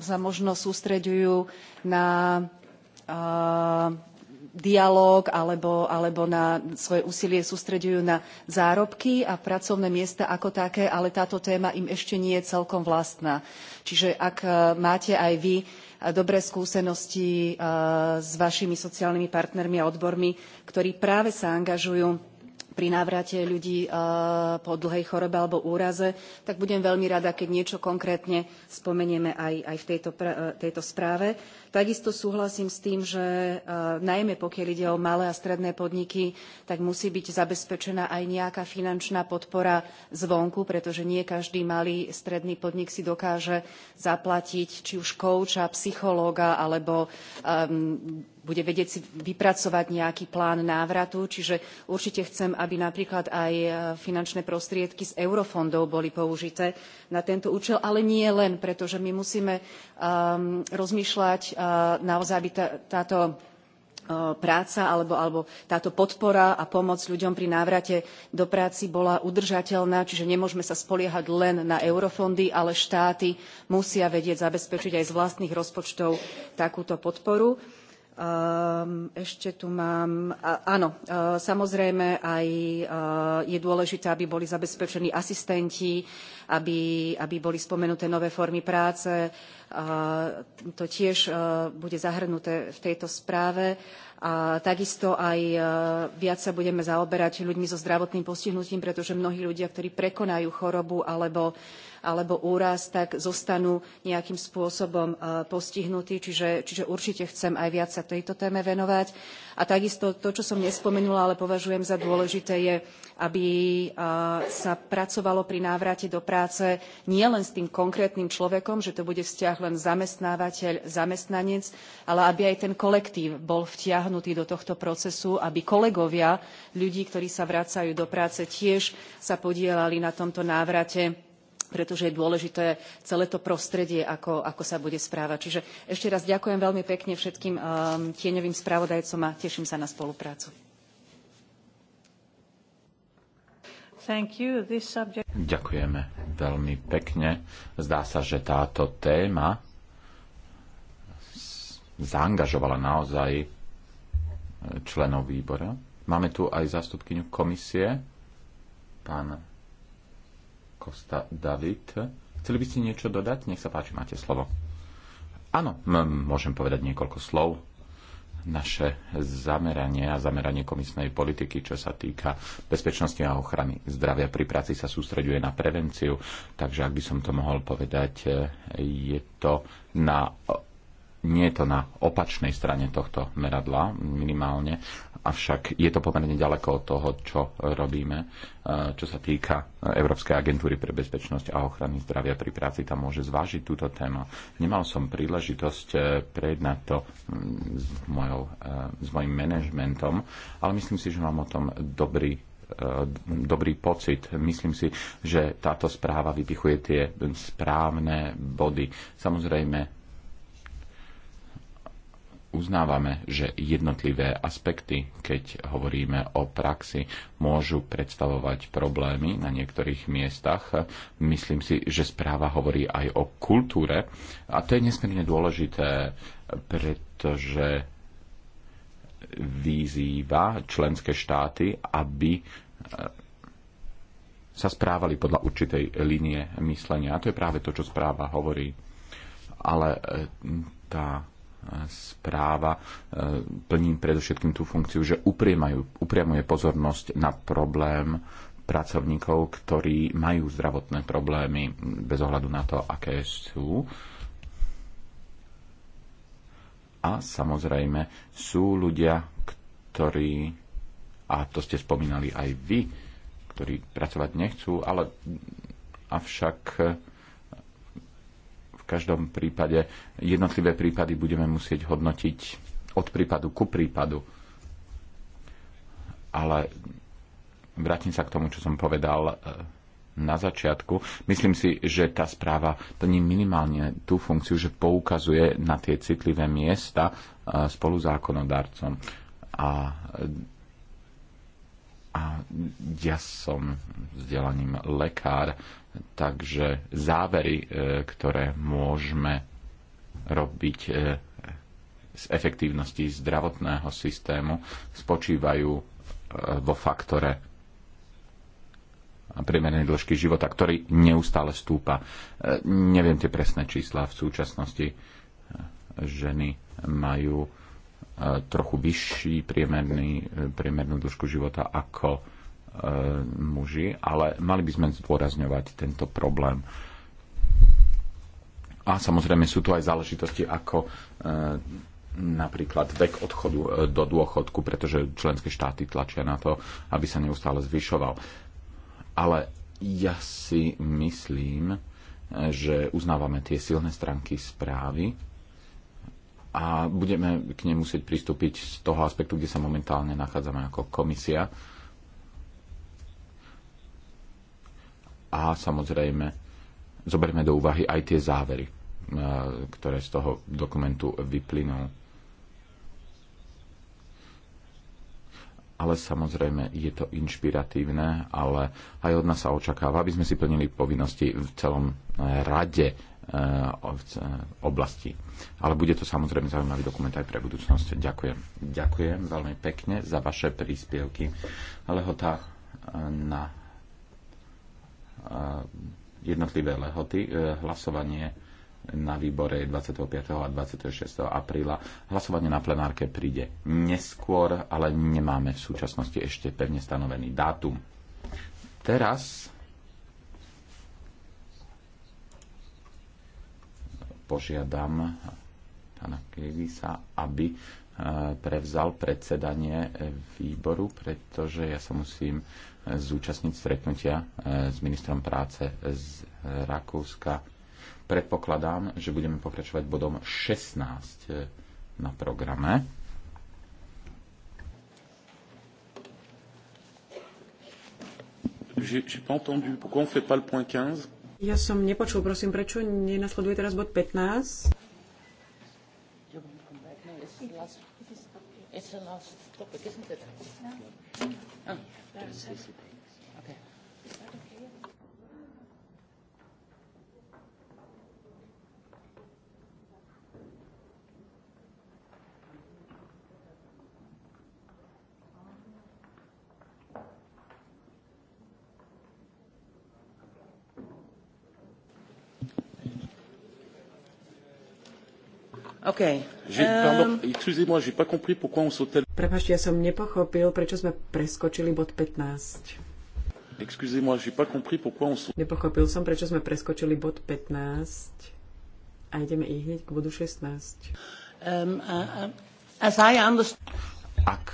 sa možno sústreďujú na dialóg alebo, alebo, na svoje úsilie sústreďujú na zárobky a pracovné miesta ako také, ale táto téma im ešte nie je celkom vlastná. Čiže ak máte aj vy dobré skúsenosti e, s vašimi sociálnymi partnermi a odbormi, ktorí práve sa angažujú pri návrate ľudí eh, po dlhej chorobe alebo úraze, tak budem veľmi rada, keď niečo konkrétne spomenieme aj, aj v tejto, eh, tejto správe. Takisto súhlasím s tým, že eh, najmä pokiaľ ide o malé a stredné podniky, tak musí byť zabezpečená aj nejaká finančná podpora zvonku, pretože nie každý malý stredný podnik si dokáže zaplatiť či už kouča, psychológa alebo um, bude vedieť si vypracovať nejaký plán návratu čiže určite chcem aby napríklad aj e, finančné prostriedky z eurofondov boli použité na tento účel ale nie len pretože my musíme e, rozmýšľať e, naozaj aby táto práca alebo, táto podpora a pomoc ľuďom pri návrate do práce bola udržateľná čiže nemôžeme sa spoliehať len na eurofondy ale štáty musia vedieť zabezpečiť aj z vlastných rozpočtov takúto podporu. Ehm, ešte tu mám... Áno, e, samozrejme aj e, je dôležité, aby boli zabezpečení asistenti, aby, aby boli spomenuté nové formy práce. E, to tiež bude zahrnuté v tejto správe a takisto aj e, viac sa budeme zaoberať ľuďmi so zdravotným postihnutím, pretože mnohí ľudia, ktorí prekonajú chorobu alebo, alebo úraz, tak zostanú nejakým spôsobom e, postihnutí. Čiže, čiže určite chcem aj viac sa tejto téme venovať. A takisto to, čo som nespomenula, ale považujem za dôležité, je, aby e, sa pracovalo pri návrate do práce nielen s tým konkrétnym človekom, že to bude vzťah len zamestnávateľ, zamestnanec, ale aby aj ten kolektív bol vtiahnutý vtiahnutí do tohto procesu, aby kolegovia ľudí, ktorí sa vracajú do práce, tiež sa podielali na tomto návrate pretože je dôležité celé to prostredie, ako, sa bude správať. Čiže ešte raz ďakujem veľmi pekne všetkým um, tieňovým spravodajcom a teším sa na spoluprácu. Ďakujeme veľmi pekne. Zdá sa, že táto téma zaangažovala naozaj členov výbora. Máme tu aj zástupkyňu komisie, pán Kosta David. Chceli by ste niečo dodať? Nech sa páči, máte slovo. Áno, môžem povedať niekoľko slov. Naše zameranie a zameranie komisnej politiky, čo sa týka bezpečnosti a ochrany zdravia pri práci, sa sústreďuje na prevenciu. Takže ak by som to mohol povedať, je to na nie je to na opačnej strane tohto meradla minimálne, avšak je to pomerne ďaleko od toho, čo robíme, e, čo sa týka e, Európskej agentúry pre bezpečnosť a ochrany zdravia pri práci. Tam môže zvážiť túto tému. Nemal som príležitosť e, prejednať to s, mojou, s mojim manažmentom, ale myslím si, že mám o tom dobrý dobrý pocit. Myslím si, že táto správa vypichuje tie správne body. Samozrejme, uznávame, že jednotlivé aspekty, keď hovoríme o praxi, môžu predstavovať problémy na niektorých miestach. Myslím si, že správa hovorí aj o kultúre a to je nesmierne dôležité, pretože vyzýva členské štáty, aby eh, sa správali podľa určitej línie myslenia. A to je práve to, čo správa hovorí. Ale eh, tá správa e, plní predovšetkým tú funkciu, že upriamuje pozornosť na problém pracovníkov, ktorí majú zdravotné problémy bez ohľadu na to, aké sú. A samozrejme sú ľudia, ktorí, a to ste spomínali aj vy, ktorí pracovať nechcú, ale avšak každom prípade jednotlivé prípady budeme musieť hodnotiť od prípadu ku prípadu. Ale vrátim sa k tomu, čo som povedal e, na začiatku. Myslím si, že tá správa plní minimálne tú funkciu, že poukazuje na tie citlivé miesta e, spolu zákonodarcom. A, a ja som vzdelaním lekár Takže závery, e, ktoré môžeme robiť e, z efektívnosti zdravotného systému, spočívajú e, vo faktore priemernej dĺžky života, ktorý neustále stúpa. Neviem tie presné čísla v súčasnosti. Ženy majú trochu vyšší priemernú dĺžku života ako E, muži, ale mali by sme zdôrazňovať tento problém. A samozrejme sú tu aj záležitosti ako e, napríklad vek odchodu e, do dôchodku, pretože členské štáty tlačia na to, aby sa neustále zvyšoval. Ale ja si myslím, že uznávame tie silné stránky správy a budeme k nej musieť pristúpiť z toho aspektu, kde sa momentálne nachádzame ako komisia a samozrejme zoberme do úvahy aj tie závery, e, ktoré z toho dokumentu vyplynú. Ale samozrejme je to inšpiratívne, ale aj od nás sa očakáva, aby sme si plnili povinnosti v celom e, rade e, oblasti. Ale bude to samozrejme zaujímavý dokument aj pre budúcnosť. Ďakujem. Ďakujem veľmi pekne za vaše príspevky. Lehota na jednotlivé lehoty. E, hlasovanie na výbore 25. a 26. apríla. Hlasovanie na plenárke príde neskôr, ale nemáme v súčasnosti ešte pevne stanovený dátum. Teraz požiadam pána Kevisa, aby e, prevzal predsedanie výboru, pretože ja sa musím zúčastniť stretnutia e, s ministrom práce z Rakúska. Predpokladám, že budeme pokračovať bodom 16 e, na programe. Ja som nepočul, prosím, prečo nenasleduje teraz bod 15? last topic, isn't it? Yeah. No. Ah. That's it. Okay. Um... Prepašte, ja som nepochopil, prečo sme preskočili bod 15. Nepochopil som, prečo sme preskočili bod 15 a ideme i hneď k bodu 16. Um, uh, Ak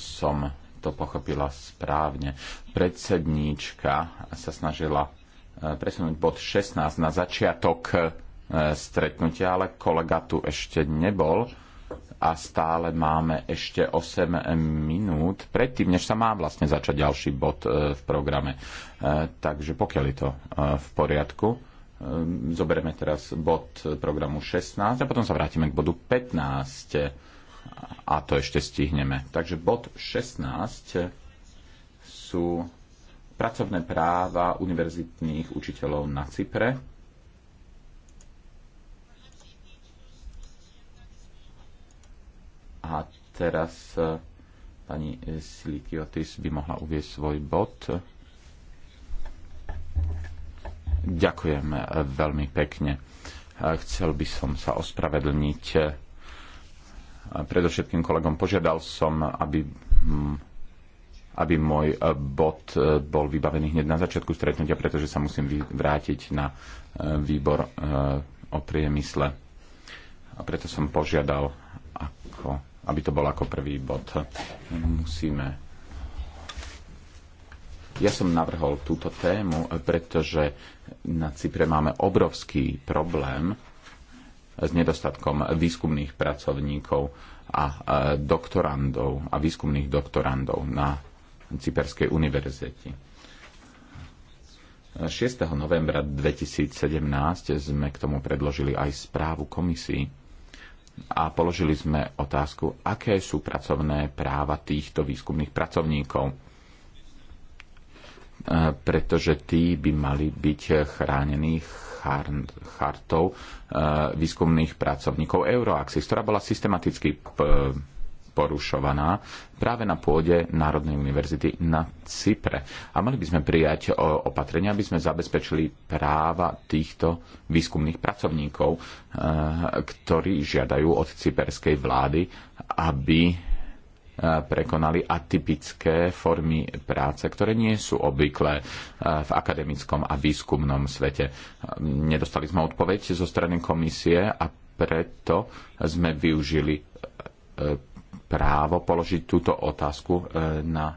som to pochopila správne, predsedníčka sa snažila eh, presunúť bod 16 na začiatok E, stretnutia, ale kolega tu ešte nebol a stále máme ešte 8 minút predtým, než sa má vlastne začať ďalší bod e, v programe. E, takže pokiaľ je to v poriadku, zoberieme teraz bod programu 16 a potom sa vrátime k bodu 15 a to ešte stihneme. Takže bod 16 sú pracovné práva univerzitných učiteľov na Cypre A teraz e, pani Silikiotis by mohla uvieť svoj bod. Ďakujem e, veľmi pekne. E, chcel by som sa ospravedlniť predovšetkým kolegom. Požiadal som, aby aby môj bod bol vybavený hneď na začiatku stretnutia, pretože sa musím vrátiť na výbor o priemysle. A preto som požiadal ako aby to bol ako prvý bod. Musíme. Ja som navrhol túto tému, pretože na Cypre máme obrovský problém s nedostatkom výskumných pracovníkov a doktorandov a výskumných doktorandov na Cyperskej univerzite. 6. novembra 2017 sme k tomu predložili aj správu komisii a položili sme otázku, aké sú pracovné práva týchto výskumných pracovníkov e, pretože tí by mali byť chránení chartou e, výskumných pracovníkov Euroaxis, ktorá bola systematicky porušovaná práve na pôde Národnej univerzity na Cypre. A mali by sme prijať e, opatrenia, aby sme zabezpečili práva týchto výskumných pracovníkov, e, ktorí žiadajú od cyperskej vlády, aby e, prekonali atypické formy práce, ktoré nie sú obvyklé v akademickom a výskumnom svete. Nedostali sme odpoveď zo strany komisie a preto sme využili právo položiť túto otázku e, na e,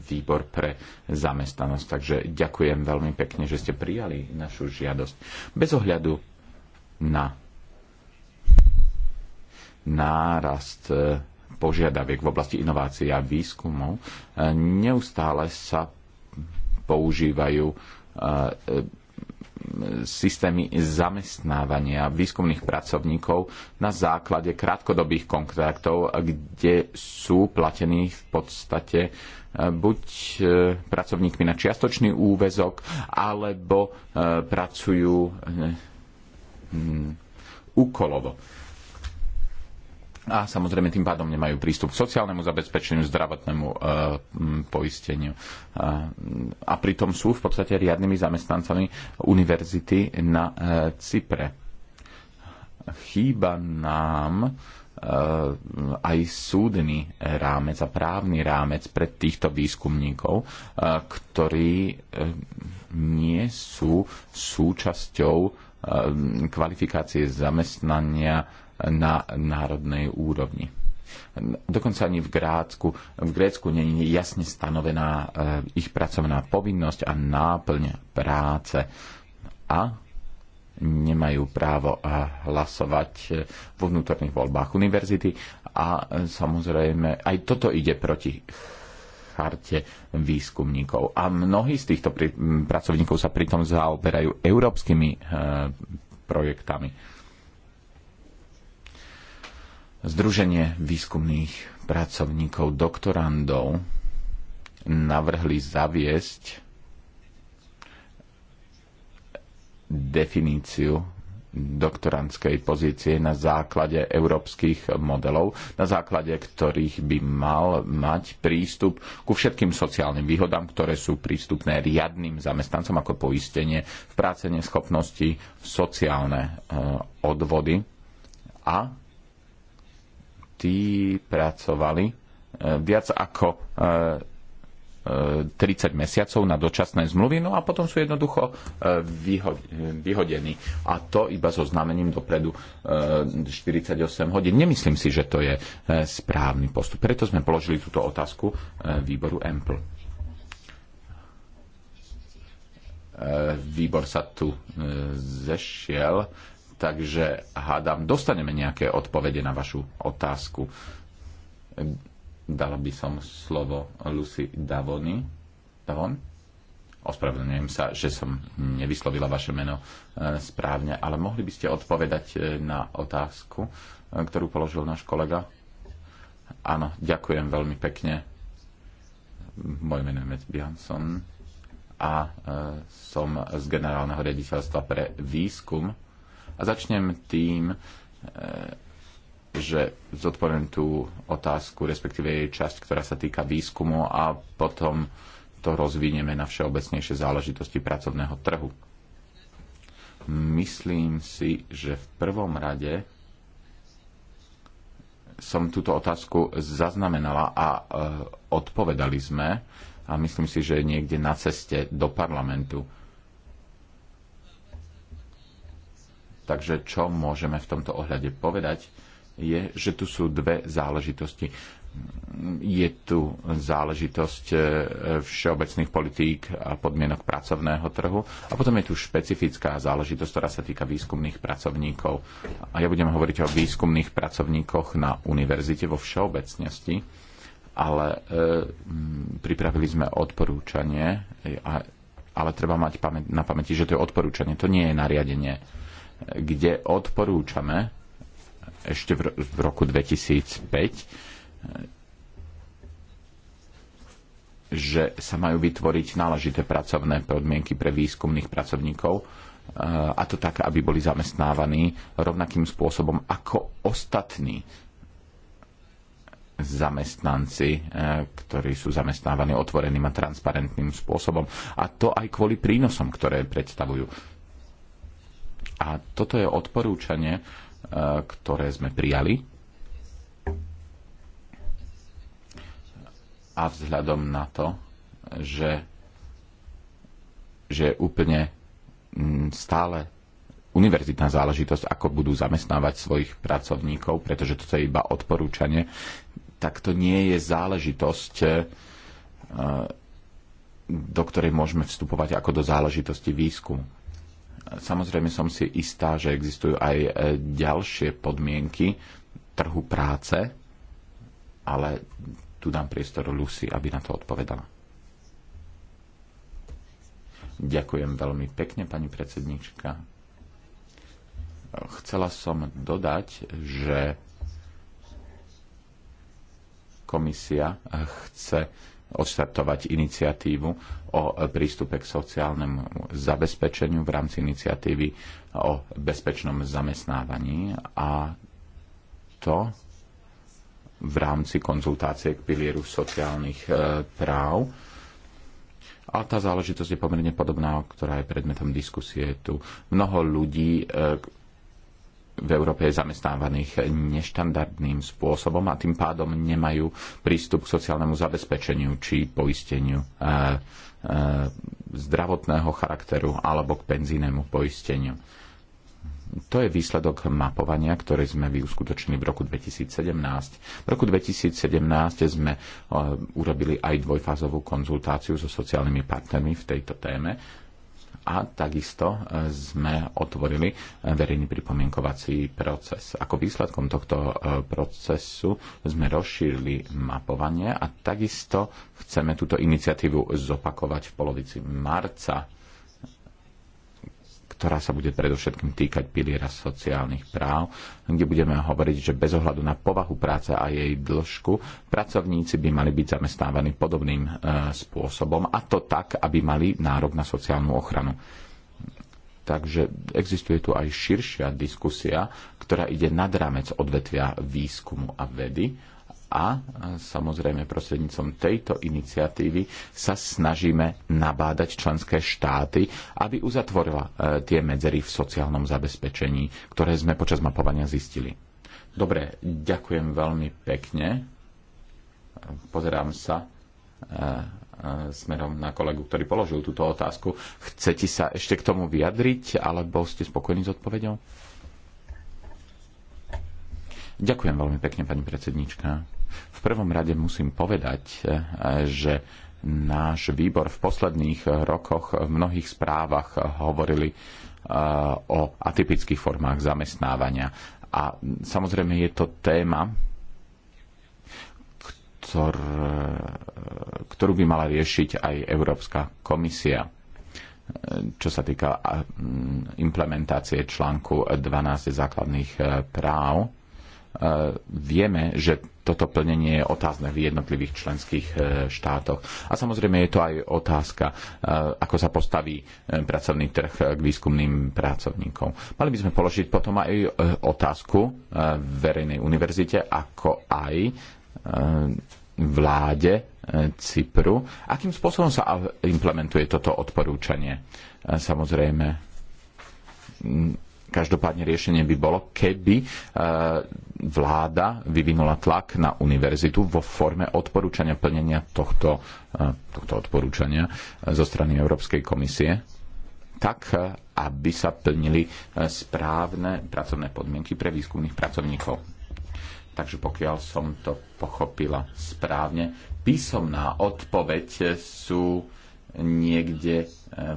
výbor pre zamestnanosť. Takže ďakujem veľmi pekne, že ste prijali našu žiadosť. Bez ohľadu na nárast e, požiadaviek v oblasti inovácií a výskumov neustále sa používajú systémy zamestnávania výskumných pracovníkov na základe krátkodobých kontraktov, kde sú platení v podstate e, buď e, pracovníkmi na čiastočný úvezok, alebo e, pracujú úkolovo a samozrejme tým pádom nemajú prístup k sociálnemu zabezpečeniu, zdravotnému e, poisteniu. E, a pritom sú v podstate riadnymi zamestnancami univerzity na e, Cypre. Chýba nám e, aj súdny rámec a právny rámec pre týchto výskumníkov, e, ktorí e, nie sú súčasťou kvalifikácie zamestnania na národnej úrovni. Dokonca ani v Grécku, v Grécku nie je jasne stanovená eh, ich pracovná povinnosť a náplň práce. A nemajú právo eh, hlasovať eh, vo vnútorných voľbách univerzity a samozrejme aj toto ide proti charte výskumníkov. A mnohí z týchto pracovníkov sa pritom zaoberajú európskymi projektami Združenie výskumných pracovníkov doktorandov navrhli zaviesť definíciu doktorandskej pozície na základe európskych modelov, na základe ktorých by mal mať prístup ku všetkým sociálnym výhodám, ktoré sú prístupné riadným zamestnancom ako poistenie v práce neschopnosti, sociálne eh, odvody a tí pracovali e, viac ako 30 e, e, mesiacov na dočasné zmluvy, no a potom sú jednoducho vyhodení. A to iba so znamením dopredu 48 hodín. Nemyslím si, že to je správny postup. Preto sme položili túto otázku výboru EMPL. Výbor sa tu zešiel Takže hádam, dostaneme nejaké odpovede na vašu otázku. Dala by som slovo Lucy Davony. Davon? Ospravedlňujem sa, že som nevyslovila vaše meno e, správne, ale mohli by ste odpovedať e, na otázku, e, ktorú položil náš kolega? Áno, ďakujem veľmi pekne. Moje meno je Mec Bianson a som z generálneho rediteľstva pre výskum a začnem tým, e, že zodpoviem tú otázku, respektíve jej časť, ktorá sa týka výskumu a potom to rozvinieme na všeobecnejšie záležitosti pracovného trhu. Myslím si, že v prvom rade som túto otázku zaznamenala a e, odpovedali sme a myslím si, že niekde na ceste do parlamentu Takže čo môžeme v tomto ohľade povedať, je, že tu sú dve záležitosti. Je tu záležitosť e, všeobecných politík a podmienok pracovného trhu a potom je tu špecifická záležitosť, ktorá sa týka výskumných pracovníkov. A ja budem hovoriť o výskumných pracovníkoch na univerzite vo všeobecnosti, ale e, pripravili sme odporúčanie, a, ale treba mať pamä- na pamäti, že to je odporúčanie, to nie je nariadenie kde odporúčame ešte v, roku 2005 že sa majú vytvoriť náležité pracovné podmienky pre výskumných pracovníkov eh, a to tak, aby boli zamestnávaní rovnakým spôsobom ako ostatní zamestnanci, eh, ktorí sú zamestnávaní otvoreným a transparentným spôsobom. A to aj kvôli prínosom, ktoré predstavujú a toto je odporúčanie, e, ktoré sme prijali. A vzhľadom na to, že, že je úplne stále univerzitná záležitosť, ako budú zamestnávať svojich pracovníkov, pretože toto je iba odporúčanie, tak to nie je záležitosť, e, do ktorej môžeme vstupovať ako do záležitosti výskumu Samozrejme som si istá, že existujú aj e, ďalšie podmienky trhu práce, ale tu dám priestor Lucy, aby na to odpovedala. Ďakujem veľmi pekne, pani predsednička. Chcela som dodať, že komisia chce odštartovať iniciatívu o prístupe k sociálnemu zabezpečeniu v rámci iniciatívy o bezpečnom zamestnávaní a to v rámci konzultácie k pilieru sociálnych e, práv. A tá záležitosť je pomerne podobná, ktorá je predmetom diskusie tu. Mnoho ľudí e, v Európe je zamestnávaných neštandardným spôsobom a tým pádom nemajú prístup k sociálnemu zabezpečeniu či poisteniu e, e, zdravotného charakteru alebo k penzínemu poisteniu. To je výsledok mapovania, ktoré sme vyuskutočnili v roku 2017. V roku 2017 sme e, urobili aj dvojfázovú konzultáciu so sociálnymi partnermi v tejto téme a takisto e, sme otvorili e, verejný pripomienkovací proces. Ako výsledkom tohto e, procesu sme rozšírili mapovanie a takisto chceme túto iniciatívu zopakovať v polovici marca ktorá sa bude predovšetkým týkať piliera sociálnych práv, kde budeme hovoriť, že bez ohľadu na povahu práce a jej dĺžku, pracovníci by mali byť zamestnávaní podobným e, spôsobom a to tak, aby mali nárok na sociálnu ochranu. Takže existuje tu aj širšia diskusia, ktorá ide nad rámec odvetvia výskumu a vedy a e, samozrejme prostrednícom tejto iniciatívy sa snažíme nabádať členské štáty, aby uzatvorila e, tie medzery v sociálnom zabezpečení, ktoré sme počas mapovania zistili. Dobre, ďakujem veľmi pekne. Pozerám sa e, smerom na kolegu, ktorý položil túto otázku. Chcete sa ešte k tomu vyjadriť, alebo ste spokojní s odpovedou? Ďakujem veľmi pekne, pani predsedníčka. V prvom rade musím povedať, eh, že náš výbor v posledných rokoch v mnohých správach hovorili eh, o atypických formách zamestnávania. A samozrejme je to téma, ktor, ktorú by mala riešiť aj Európska komisia eh, čo sa týka implementácie článku 12 základných práv. Vieme, že toto plnenie je otázne v jednotlivých členských e, štátoch. A samozrejme je to aj otázka, e, ako sa postaví e, pracovný trh k výskumným pracovníkom. Mali by sme položiť potom aj otázku v verejnej univerzite, ako aj vláde Cypru. Akým spôsobom sa implementuje toto odporúčanie? Samozrejme, Každopádne riešenie by bolo, keby e, vláda vyvinula tlak na univerzitu vo forme odporúčania plnenia tohto, e, tohto odporúčania e, zo strany Európskej komisie, tak aby sa plnili správne pracovné podmienky pre výskumných pracovníkov. Takže pokiaľ som to pochopila správne, písomná odpoveď sú niekde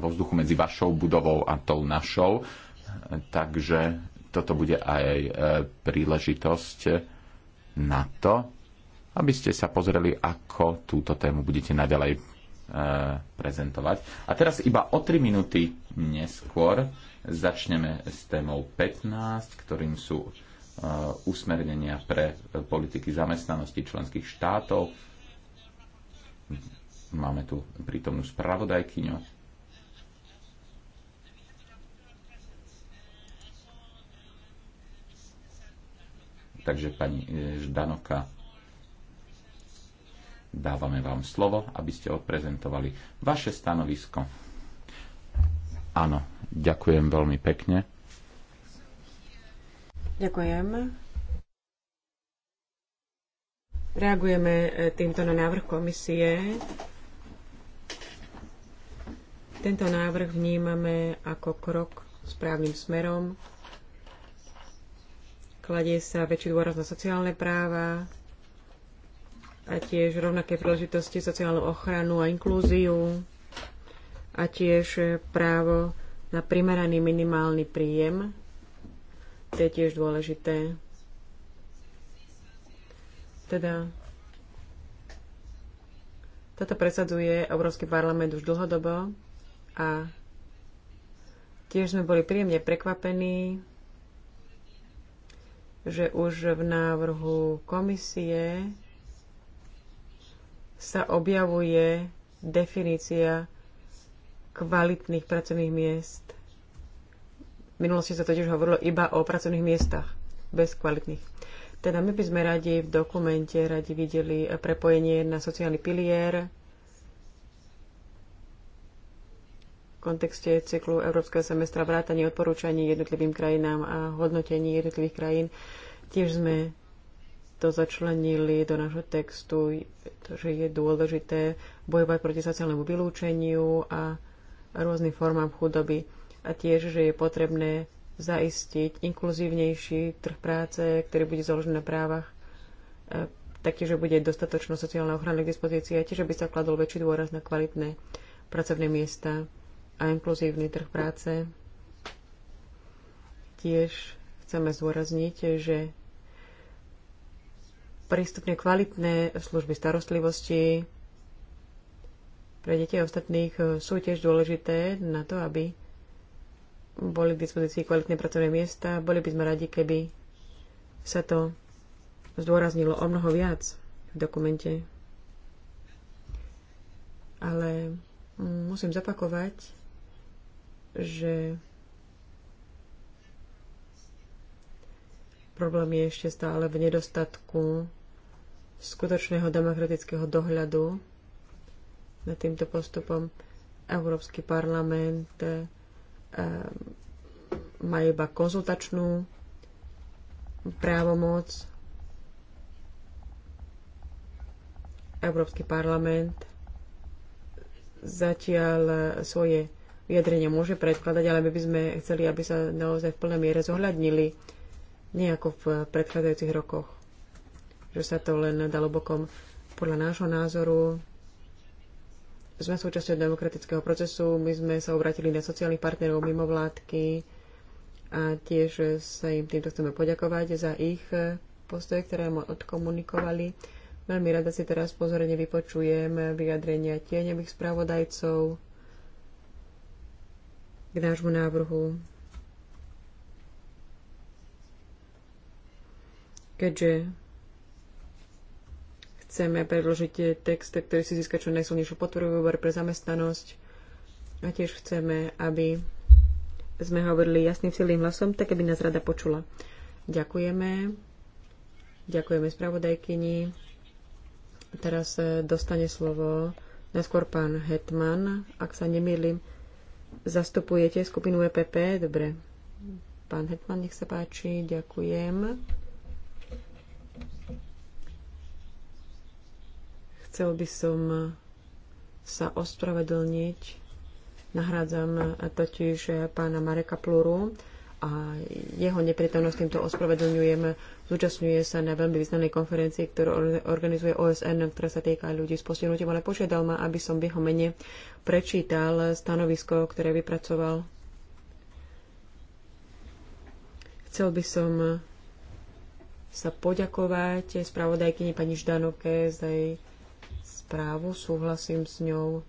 vo vzduchu medzi vašou budovou a tou našou takže toto bude aj e, príležitosť na to, aby ste sa pozreli, ako túto tému budete naďalej e, prezentovať. A teraz iba o 3 minúty neskôr začneme s témou 15, ktorým sú e, usmernenia pre politiky zamestnanosti členských štátov. Máme tu prítomnú spravodajkyňu Takže pani e, Ždanoka, dávame vám slovo, aby ste odprezentovali vaše stanovisko. Áno, ďakujem veľmi pekne. Ďakujem. Reagujeme e, týmto na návrh komisie. Tento návrh vnímame ako krok správnym smerom Kladie sa väčší dôraz na sociálne práva a tiež rovnaké príležitosti, sociálnu ochranu a inklúziu a tiež právo na primeraný minimálny príjem. To je tiež dôležité. Teda toto presadzuje Európsky parlament už dlhodobo a tiež sme boli príjemne prekvapení že už v návrhu komisie sa objavuje definícia kvalitných pracovných miest. V minulosti sa totiž hovorilo iba o pracovných miestach, bez kvalitných. Teda my by sme radi v dokumente radi videli prepojenie na sociálny pilier, kontexte cyklu Európskeho semestra vrátanie odporúčaní jednotlivým krajinám a hodnotení jednotlivých krajín. Tiež sme to začlenili do nášho textu, že je dôležité bojovať proti sociálnemu vylúčeniu a rôznym formám chudoby a tiež, že je potrebné zaistiť inkluzívnejší trh práce, ktorý bude založený na právach taký, že bude dostatočná sociálna ochrana k dispozícii a tiež, aby sa kladol väčší dôraz na kvalitné pracovné miesta a inkluzívny trh práce. Tiež chceme zdôrazniť, že prístupne kvalitné služby starostlivosti pre deti a ostatných sú tiež dôležité na to, aby boli k dispozícii kvalitné pracovné miesta. Boli by sme radi, keby sa to zdôraznilo o mnoho viac v dokumente. Ale musím zapakovať, že problém je ešte stále v nedostatku skutočného demokratického dohľadu nad týmto postupom. Európsky parlament eh, má iba konzultačnú právomoc. Európsky parlament zatiaľ eh, svoje vyjadrenie môže predkladať, ale my by sme chceli, aby sa naozaj v plnej miere zohľadnili, nejako v predchádzajúcich rokoch. Že sa to len dalo bokom. Podľa nášho názoru sme súčasťou demokratického procesu, my sme sa obratili na sociálnych partnerov mimo vládky a tiež sa im týmto chceme poďakovať za ich postoje, ktoré mu odkomunikovali. Veľmi rada si teraz pozorne vypočujem vyjadrenia tieňových spravodajcov, k nášmu návrhu. Keďže chceme predložiť text, ktorý si získa čo najsilnejšiu podporu výbor pre zamestnanosť a tiež chceme, aby sme hovorili jasným silným hlasom, tak aby nás rada počula. Ďakujeme. Ďakujeme spravodajkyni. Teraz eh, dostane slovo neskôr pán Hetman, ak sa nemýlim. Zastupujete skupinu EPP? Dobre. Pán Hetman, nech sa páči. Ďakujem. Chcel by som sa ospravedlniť. Nahrádzam totiž pána Mareka Pluru a jeho neprítomnosť týmto ospravedlňujem Zúčastňuje sa na veľmi významnej konferencii, ktorú organizuje OSN, ktorá sa týka ľudí s postihnutím, ale požiadal ma, aby som v jeho mene prečítal stanovisko, ktoré vypracoval. Chcel by som sa poďakovať spravodajkyni pani Ždanoke za jej správu. Súhlasím s ňou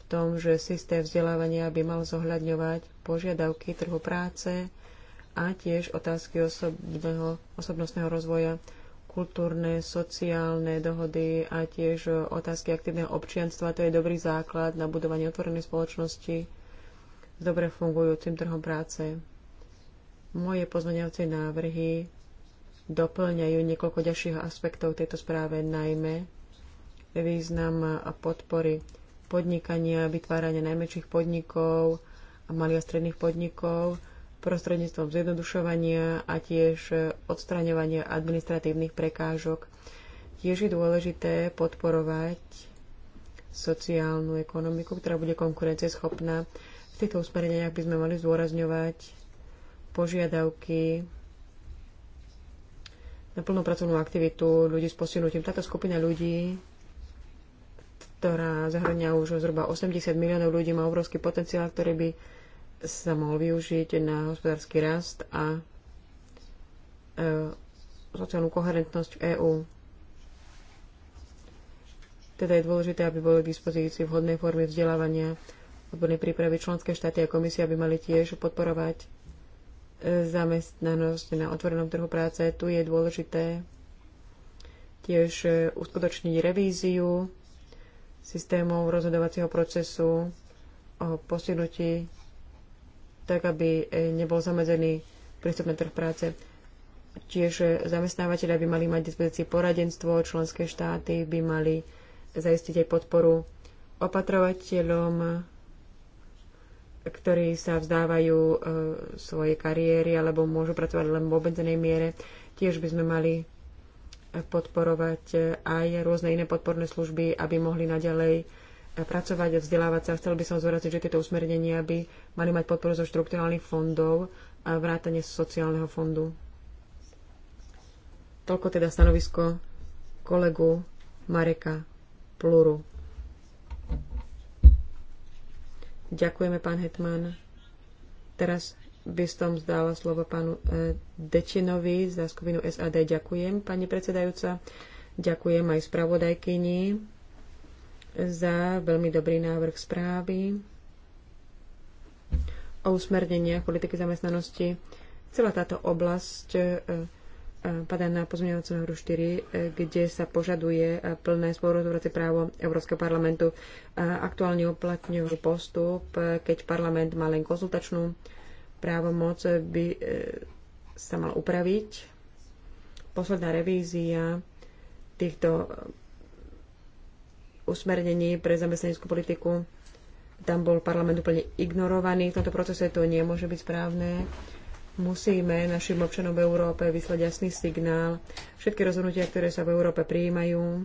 v tom, že systém vzdelávania by mal zohľadňovať požiadavky trhu práce, a tiež otázky osobného, osobnostného rozvoja, kultúrne, sociálne dohody a tiež otázky aktívneho občianstva. To je dobrý základ na budovanie otvorenej spoločnosti s dobre fungujúcim trhom práce. Moje pozmeňovacie návrhy doplňajú niekoľko ďalších aspektov tejto správe, najmä význam a podpory podnikania, vytvárania najmenších podnikov a malých a stredných podnikov, prostredníctvom zjednodušovania a tiež e, odstraňovania administratívnych prekážok. Tiež je dôležité podporovať sociálnu ekonomiku, ktorá bude konkurencieschopná. V týchto usmereniach by sme mali zdôrazňovať požiadavky na plnú pracovnú aktivitu ľudí s postihnutím. Táto skupina ľudí, ktorá zahrania už zhruba 80 miliónov ľudí, má obrovský potenciál, ktorý by sa mohol využiť na hospodársky rast a e, sociálnu koherentnosť v EÚ. Teda je dôležité, aby boli k dispozícii vhodnej formy vzdelávania, odbornej prípravy členské štáty a komisia by mali tiež podporovať e, zamestnanosť na otvorenom trhu práce. Tu je dôležité tiež e, uskutočniť revíziu systémov rozhodovacieho procesu o postihnutí tak aby eh, nebol zamedzený prístup na trh práce. Tiež eh, zamestnávateľia by mali mať dispozícii poradenstvo, členské štáty by mali zaistiť aj podporu opatrovateľom, ktorí sa vzdávajú e, eh, svoje kariéry alebo môžu pracovať len v obmedzenej miere. Tiež by sme mali podporovať aj rôzne iné podporné služby, aby mohli naďalej pracovať a vzdelávať sa. Chcel by som zvoraziť, že tieto usmernenia by mali mať podporu zo štrukturálnych fondov a vrátane sociálneho fondu. Toľko teda stanovisko kolegu Mareka Pluru. Ďakujeme, pán Hetman. Teraz by som zdala slovo pánu e, Dečinovi za skupinu SAD. Ďakujem, pani predsedajúca. Ďakujem aj spravodajkyni za veľmi dobrý návrh správy o usmerneniach politiky zamestnanosti. Celá táto oblasť e, e, padá na pozmeňovacú návrhu 4, e, kde sa požaduje plné spolurozhodovacie právo Európskeho parlamentu aktuálne uplatňujú postup, keď parlament má len konzultačnú právomoc, by sa mal upraviť. Posledná revízia týchto usmernení pre zamestnaneckú politiku. Tam bol parlament úplne ignorovaný. V tomto procese to nemôže byť správne. Musíme našim občanom v Európe vyslať jasný signál. Všetky rozhodnutia, ktoré sa v Európe prijímajú,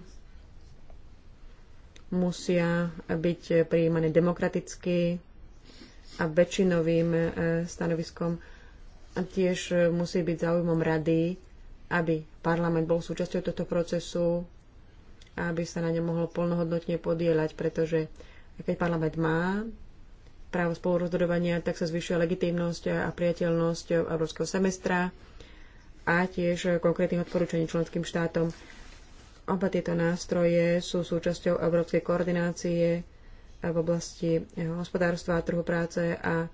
musia byť prijímané demokraticky a väčšinovým e, stanoviskom. A tiež musí byť záujmom rady, aby parlament bol súčasťou tohto procesu aby sa na ne mohlo plnohodnotne podielať, pretože keď parlament má právo spolurozhodovania, tak sa zvyšuje legitímnosť a priateľnosť európskeho semestra a tiež konkrétnych odporúčaní členským štátom. Oba tieto nástroje sú súčasťou európskej koordinácie v oblasti hospodárstva a trhu práce a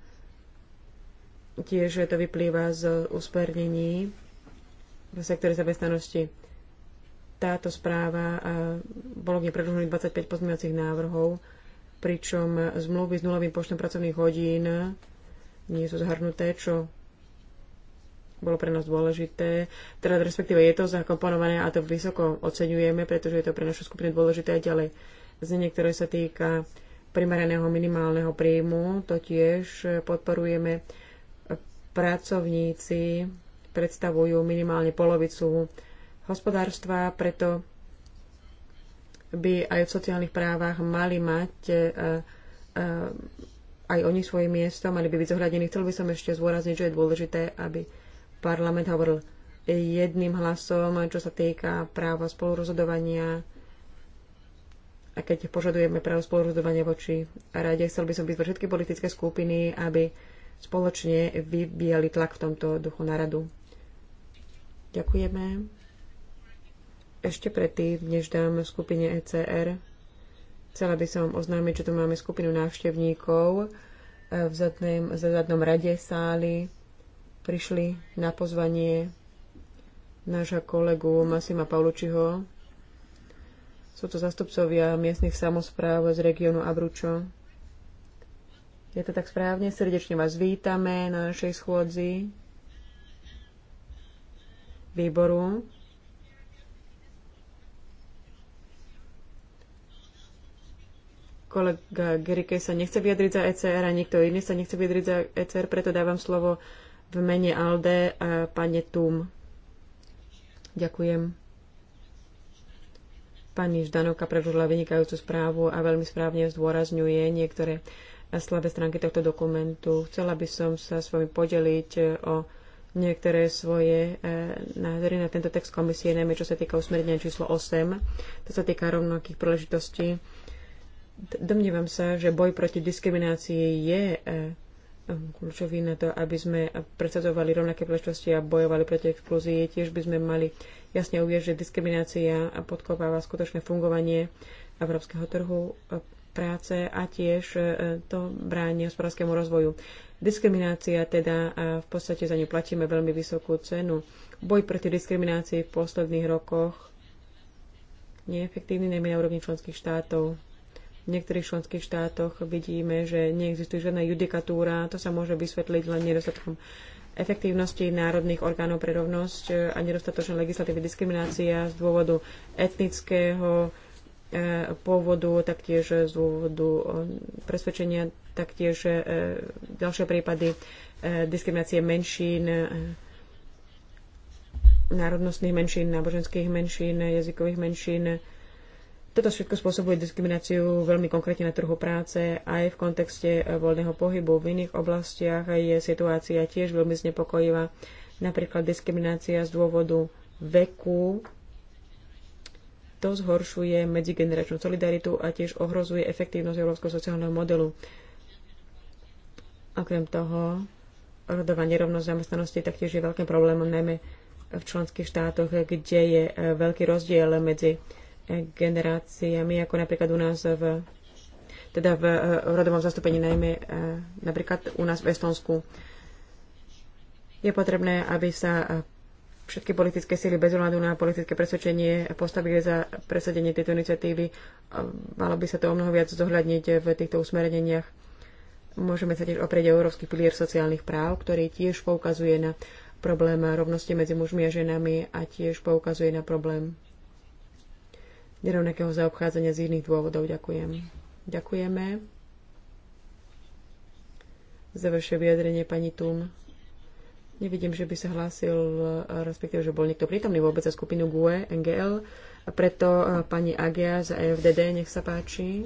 tiež to vyplýva z usmernení v sektore zamestnanosti táto správa, bolo k nej predložených 25 pozmeňovacích návrhov, pričom zmluvy s nulovým počtom pracovných hodín nie sú zhrnuté, čo bolo pre nás dôležité. Teda respektíve je to zakomponované a to vysoko oceňujeme, pretože je to pre našu skupinu dôležité aj ďalej. Znenie, ktoré sa týka primeraného minimálneho príjmu, to tiež podporujeme. Pracovníci predstavujú minimálne polovicu hospodárstva, preto by aj v sociálnych právach mali mať e, e, aj oni svoje miesto, mali by byť zohľadení. Chcel by som ešte zvôrazniť, že je dôležité, aby parlament hovoril jedným hlasom, čo sa týka práva spolurozhodovania. A keď požadujeme právo spolurozhodovania voči rade, chcel by som byť všetky politické skupiny, aby spoločne vybíjali tlak v tomto duchu na radu. Ďakujeme. Ešte predtým, než dám skupine ECR, chcela by som oznámiť, že tu máme skupinu návštevníkov e, v zadnom, v zadnom rade sály. Prišli na pozvanie nášho kolegu Masima Paulučiho. Sú to zastupcovia miestnych samozpráv z regiónu Abručo. Je to tak správne? Srdečne vás vítame na našej schôdzi výboru Kolega Gerike sa nechce vyjadriť za ECR a nikto iný sa nechce vyjadriť za ECR, preto dávam slovo v mene ALDE a pane Tum. Ďakujem. Pani Ždanovka predložila vynikajúcu správu a veľmi správne zdôrazňuje niektoré slabé stránky tohto dokumentu. Chcela by som sa s vami podeliť o niektoré svoje e, názory na tento text komisie, najmä čo sa týka usmernenia číslo 8, to sa týka rovnakých príležitostí Domnívam sa, že boj proti diskriminácii je eh, eh, kľúčový na to, aby sme predsadzovali rovnaké príležitosti a bojovali proti exklúzii. Tiež by sme mali jasne uvieť, že diskriminácia podkopáva skutočné fungovanie európskeho trhu eh, práce a tiež to bráni hospodárskému rozvoju. Diskriminácia teda a v podstate za ňu platíme veľmi vysokú cenu. Boj proti diskriminácii v posledných rokoch neefektívny najmä na úrovni členských štátov v niektorých členských štátoch vidíme, že neexistuje žiadna judikatúra. To sa môže vysvetliť len nedostatkom efektívnosti národných orgánov pre rovnosť a nedostatočná legislatívy diskriminácia z dôvodu etnického e, pôvodu, taktiež z dôvodu e, presvedčenia, taktiež e, ďalšie prípady diskriminácie menšín, národnostných menšín, náboženských menšín, jazykových menšín toto všetko spôsobuje diskrimináciu veľmi konkrétne na trhu práce aj v kontexte eh, voľného pohybu. V iných oblastiach je situácia tiež veľmi znepokojivá, napríklad diskriminácia z dôvodu veku. To zhoršuje medzigeneračnú solidaritu a tiež ohrozuje efektívnosť európskeho sociálneho modelu. Okrem toho, rodová nerovnosť zamestnanosti taktiež je veľkým problémom, najmä v členských štátoch, kde je eh, veľký rozdiel medzi generáciami, ako napríklad u nás v teda v eh, rodovom zastúpení najmä eh, napríklad u nás v Estonsku. Je potrebné, aby sa eh, všetky politické síly bez ohľadu na politické presvedčenie postavili za presadenie tejto iniciatívy. Malo by sa to o mnoho viac zohľadniť v týchto usmereniach. Môžeme sa tiež oprieť o Európsky pilier sociálnych práv, ktorý tiež poukazuje na problém rovnosti medzi mužmi a ženami a tiež poukazuje na problém nerovnakého zaobchádzania z iných dôvodov. Ďakujem. Ďakujeme za vaše vyjadrenie, pani Tum. Nevidím, že by sa hlásil, respektíve, že bol niekto prítomný vôbec za skupinu GUE, NGL. A preto eh, pani Agia za EFDD, nech sa páči.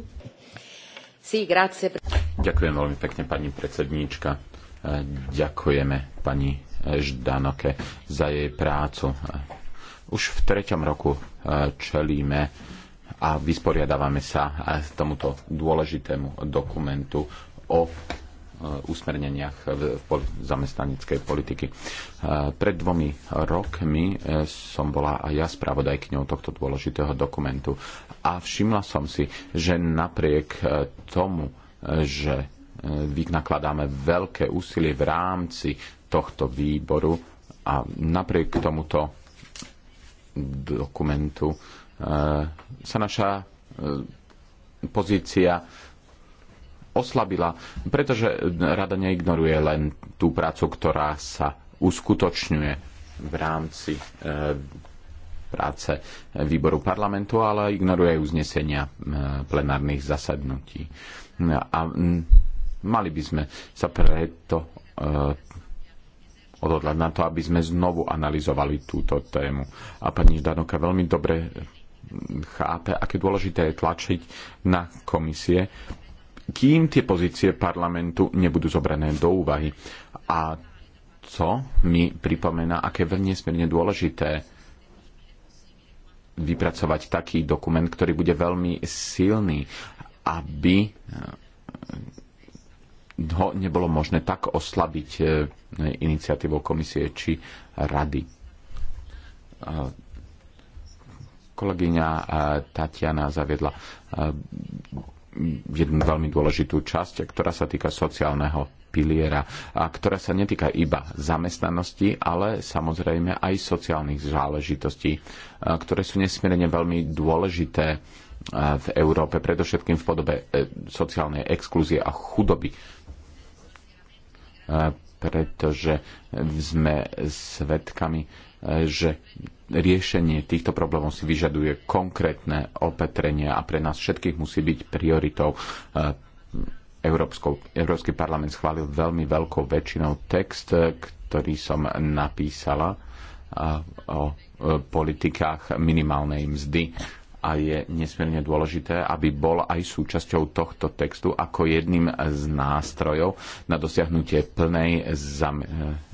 Sí, grazie. Ďakujem veľmi pekne, pani predsedníčka. Eh, ďakujeme pani Ždanoke za jej prácu už v treťom roku e, čelíme a vysporiadávame sa tomuto dôležitému dokumentu o e, usmerneniach v zamestnaneckej politiky. E, pred dvomi rokmi som bola aj ja spravodajkňou tohto dôležitého dokumentu a všimla som si, že napriek tomu, že nakladáme veľké úsilie v rámci tohto výboru a napriek tomuto dokumentu e, sa naša e, pozícia oslabila, pretože rada neignoruje len tú prácu, ktorá sa uskutočňuje v rámci e, práce výboru parlamentu, ale ignoruje uznesenia plenárnych zasadnutí. A mali by sme sa preto odhodlať na to, aby sme znovu analyzovali túto tému. A pani Ždanoka veľmi dobre chápe, aké dôležité je tlačiť na komisie, kým tie pozície parlamentu nebudú zobrané do úvahy. A co mi pripomená, aké veľmi nesmierne dôležité vypracovať taký dokument, ktorý bude veľmi silný, aby ho nebolo možné tak oslabiť e, iniciatívou komisie či rady. Kolegyňa e, Tatiana zaviedla e, jednu veľmi dôležitú časť, ktorá sa týka sociálneho piliera, a ktorá sa netýka iba zamestnanosti, ale samozrejme aj sociálnych záležitostí, ktoré sú nesmierne veľmi dôležité v Európe, predovšetkým v podobe sociálnej exklúzie a chudoby pretože sme svedkami, e, že riešenie týchto problémov si vyžaduje konkrétne opetrenie a pre nás všetkých musí byť prioritou. E, Európskou, Európsky parlament schválil veľmi veľkou väčšinou text, e, ktorý som napísala o politikách minimálnej mzdy a je nesmierne dôležité, aby bol aj súčasťou tohto textu ako jedným z nástrojov na dosiahnutie plnej zam-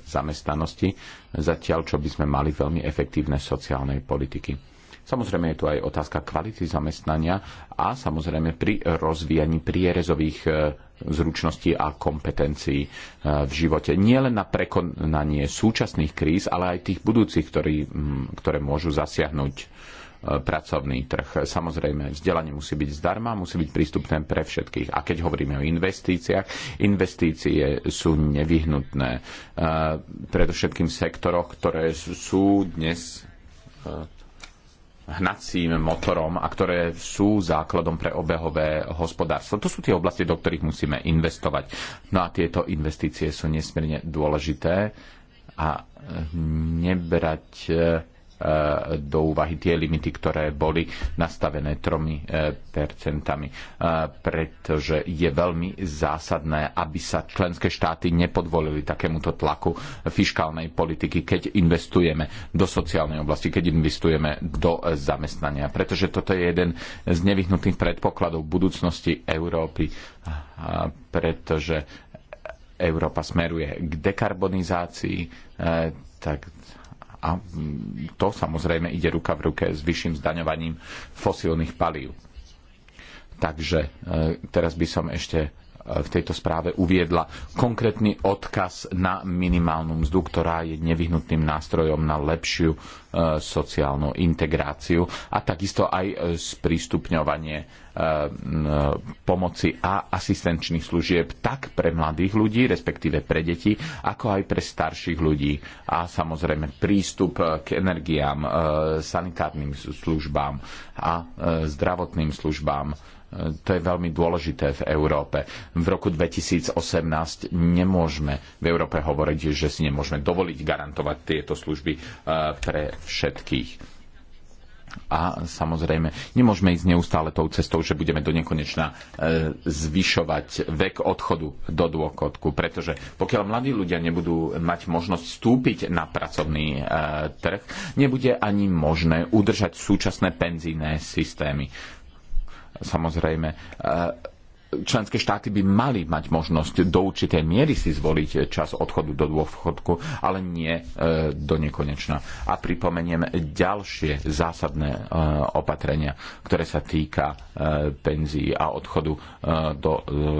zamestnanosti, zatiaľ čo by sme mali veľmi efektívne sociálnej politiky. Samozrejme je tu aj otázka kvality zamestnania a samozrejme pri rozvíjaní prierezových e, zručností a kompetencií e, v živote. Nie len na prekonanie súčasných kríz, ale aj tých budúcich, ktorý, ktoré môžu zasiahnuť pracovný trh. Samozrejme, vzdelanie musí byť zdarma, musí byť prístupné pre všetkých. A keď hovoríme o investíciách, investície sú nevyhnutné. Eh, predovšetkým v sektoroch, ktoré sú dnes eh, hnacím motorom a ktoré sú základom pre obehové hospodárstvo. To sú tie oblasti, do ktorých musíme investovať. No a tieto investície sú nesmierne dôležité a eh, nebrať Eh, do úvahy tie limity, ktoré boli nastavené 3 eh, percentami, eh, pretože je veľmi zásadné, aby sa členské štáty nepodvolili takémuto tlaku fiskálnej politiky, keď investujeme do sociálnej oblasti, keď investujeme do zamestnania. Pretože toto je jeden z nevyhnutých predpokladov budúcnosti Európy, pretože Európa smeruje k dekarbonizácii, tak a to samozrejme ide ruka v ruke s vyšším zdaňovaním fosílnych palív. Takže e, teraz by som ešte E, v tejto správe uviedla konkrétny odkaz na minimálnu mzdu, ktorá je nevyhnutným nástrojom na lepšiu e, sociálnu integráciu a takisto aj e, sprístupňovanie pomoci a asistenčných služieb tak pre mladých ľudí, respektíve pre deti, ako aj pre starších ľudí. A samozrejme prístup k energiám, sanitárnym službám a zdravotným službám to je veľmi dôležité v Európe. V roku 2018 nemôžeme v Európe hovoriť, že si nemôžeme dovoliť garantovať tieto služby eh, pre všetkých. A samozrejme, nemôžeme ísť neustále tou cestou, že budeme do nekonečna eh, zvyšovať vek odchodu do dôchodku, pretože pokiaľ mladí ľudia nebudú mať možnosť vstúpiť na pracovný eh, trh, nebude ani možné udržať súčasné penzíne systémy Samozrejme, e, členské štáty by mali mať možnosť do určitej miery si zvoliť čas odchodu do dôchodku, ale nie e, do nekonečna. A pripomeniem ďalšie zásadné e, opatrenia, ktoré sa týka penzií a odchodu do,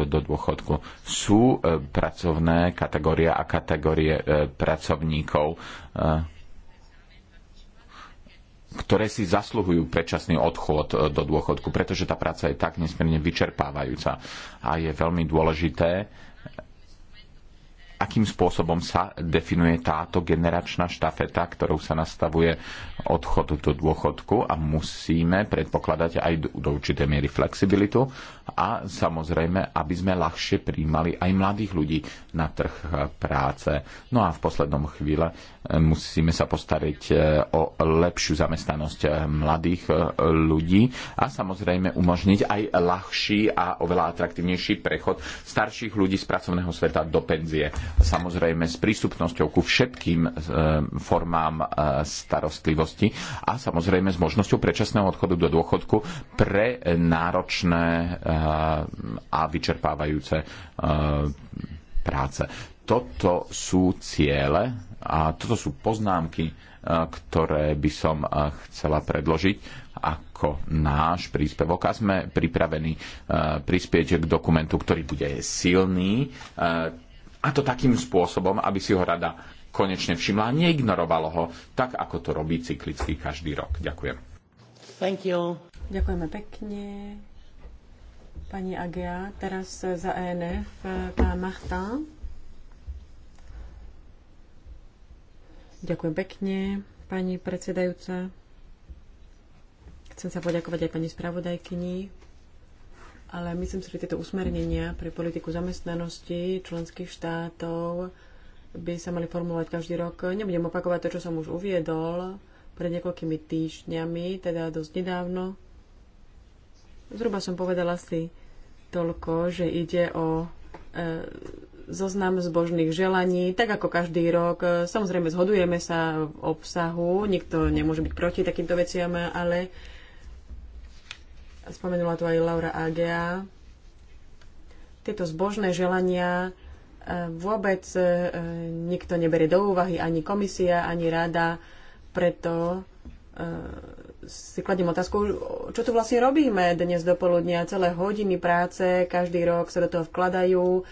do dôchodku. Sú pracovné kategórie a kategórie pracovníkov ktoré si zasluhujú predčasný odchod e, do dôchodku, pretože tá práca je tak nesmierne vyčerpávajúca a je veľmi dôležité, akým spôsobom sa definuje táto generačná štafeta, ktorou sa nastavuje odchod do dôchodku a musíme predpokladať aj do, do určitej miery flexibilitu a samozrejme, aby sme ľahšie príjmali aj mladých ľudí na trh práce. No a v poslednom chvíle eh, musíme sa postariť eh, o lepšiu zamestnanosť eh, mladých ľudí a samozrejme umožniť aj ľahší a oveľa atraktívnejší prechod starších ľudí z pracovného sveta do penzie samozrejme s prístupnosťou ku všetkým e, formám e, starostlivosti a samozrejme s možnosťou predčasného odchodu do dôchodku pre náročné e, a vyčerpávajúce práce. Toto sú ciele a toto sú poznámky, ktoré by som chcela predložiť ako náš príspevok a sme pripravení prispieť k dokumentu, ktorý bude silný, a to takým spôsobom, aby si ho rada konečne všimla a neignorovalo ho, tak ako to robí cyklicky každý rok. Ďakujem. Thank you. Ďakujeme pekne. Pani Agia, teraz za ENF, e, pán Martin. Ďakujem pekne, pani predsedajúca. Chcem sa poďakovať aj pani spravodajkyni ale myslím si, že tieto usmernenia pre politiku zamestnanosti členských štátov by sa mali formulovať každý rok. Nebudem opakovať to, čo som už uviedol pred niekoľkými týždňami, teda dosť nedávno. Zhruba som povedala si toľko, že ide o e, zoznam zbožných želaní, tak ako každý rok. E, samozrejme, zhodujeme sa v obsahu, nikto nemôže byť proti takýmto veciam, ale spomenula to aj Laura Agea, tieto zbožné želania e, vôbec e, nikto neberie do úvahy, ani komisia, ani rada, preto e, si kladím otázku, čo tu vlastne robíme dnes do poludnia, celé hodiny práce, každý rok sa do toho vkladajú,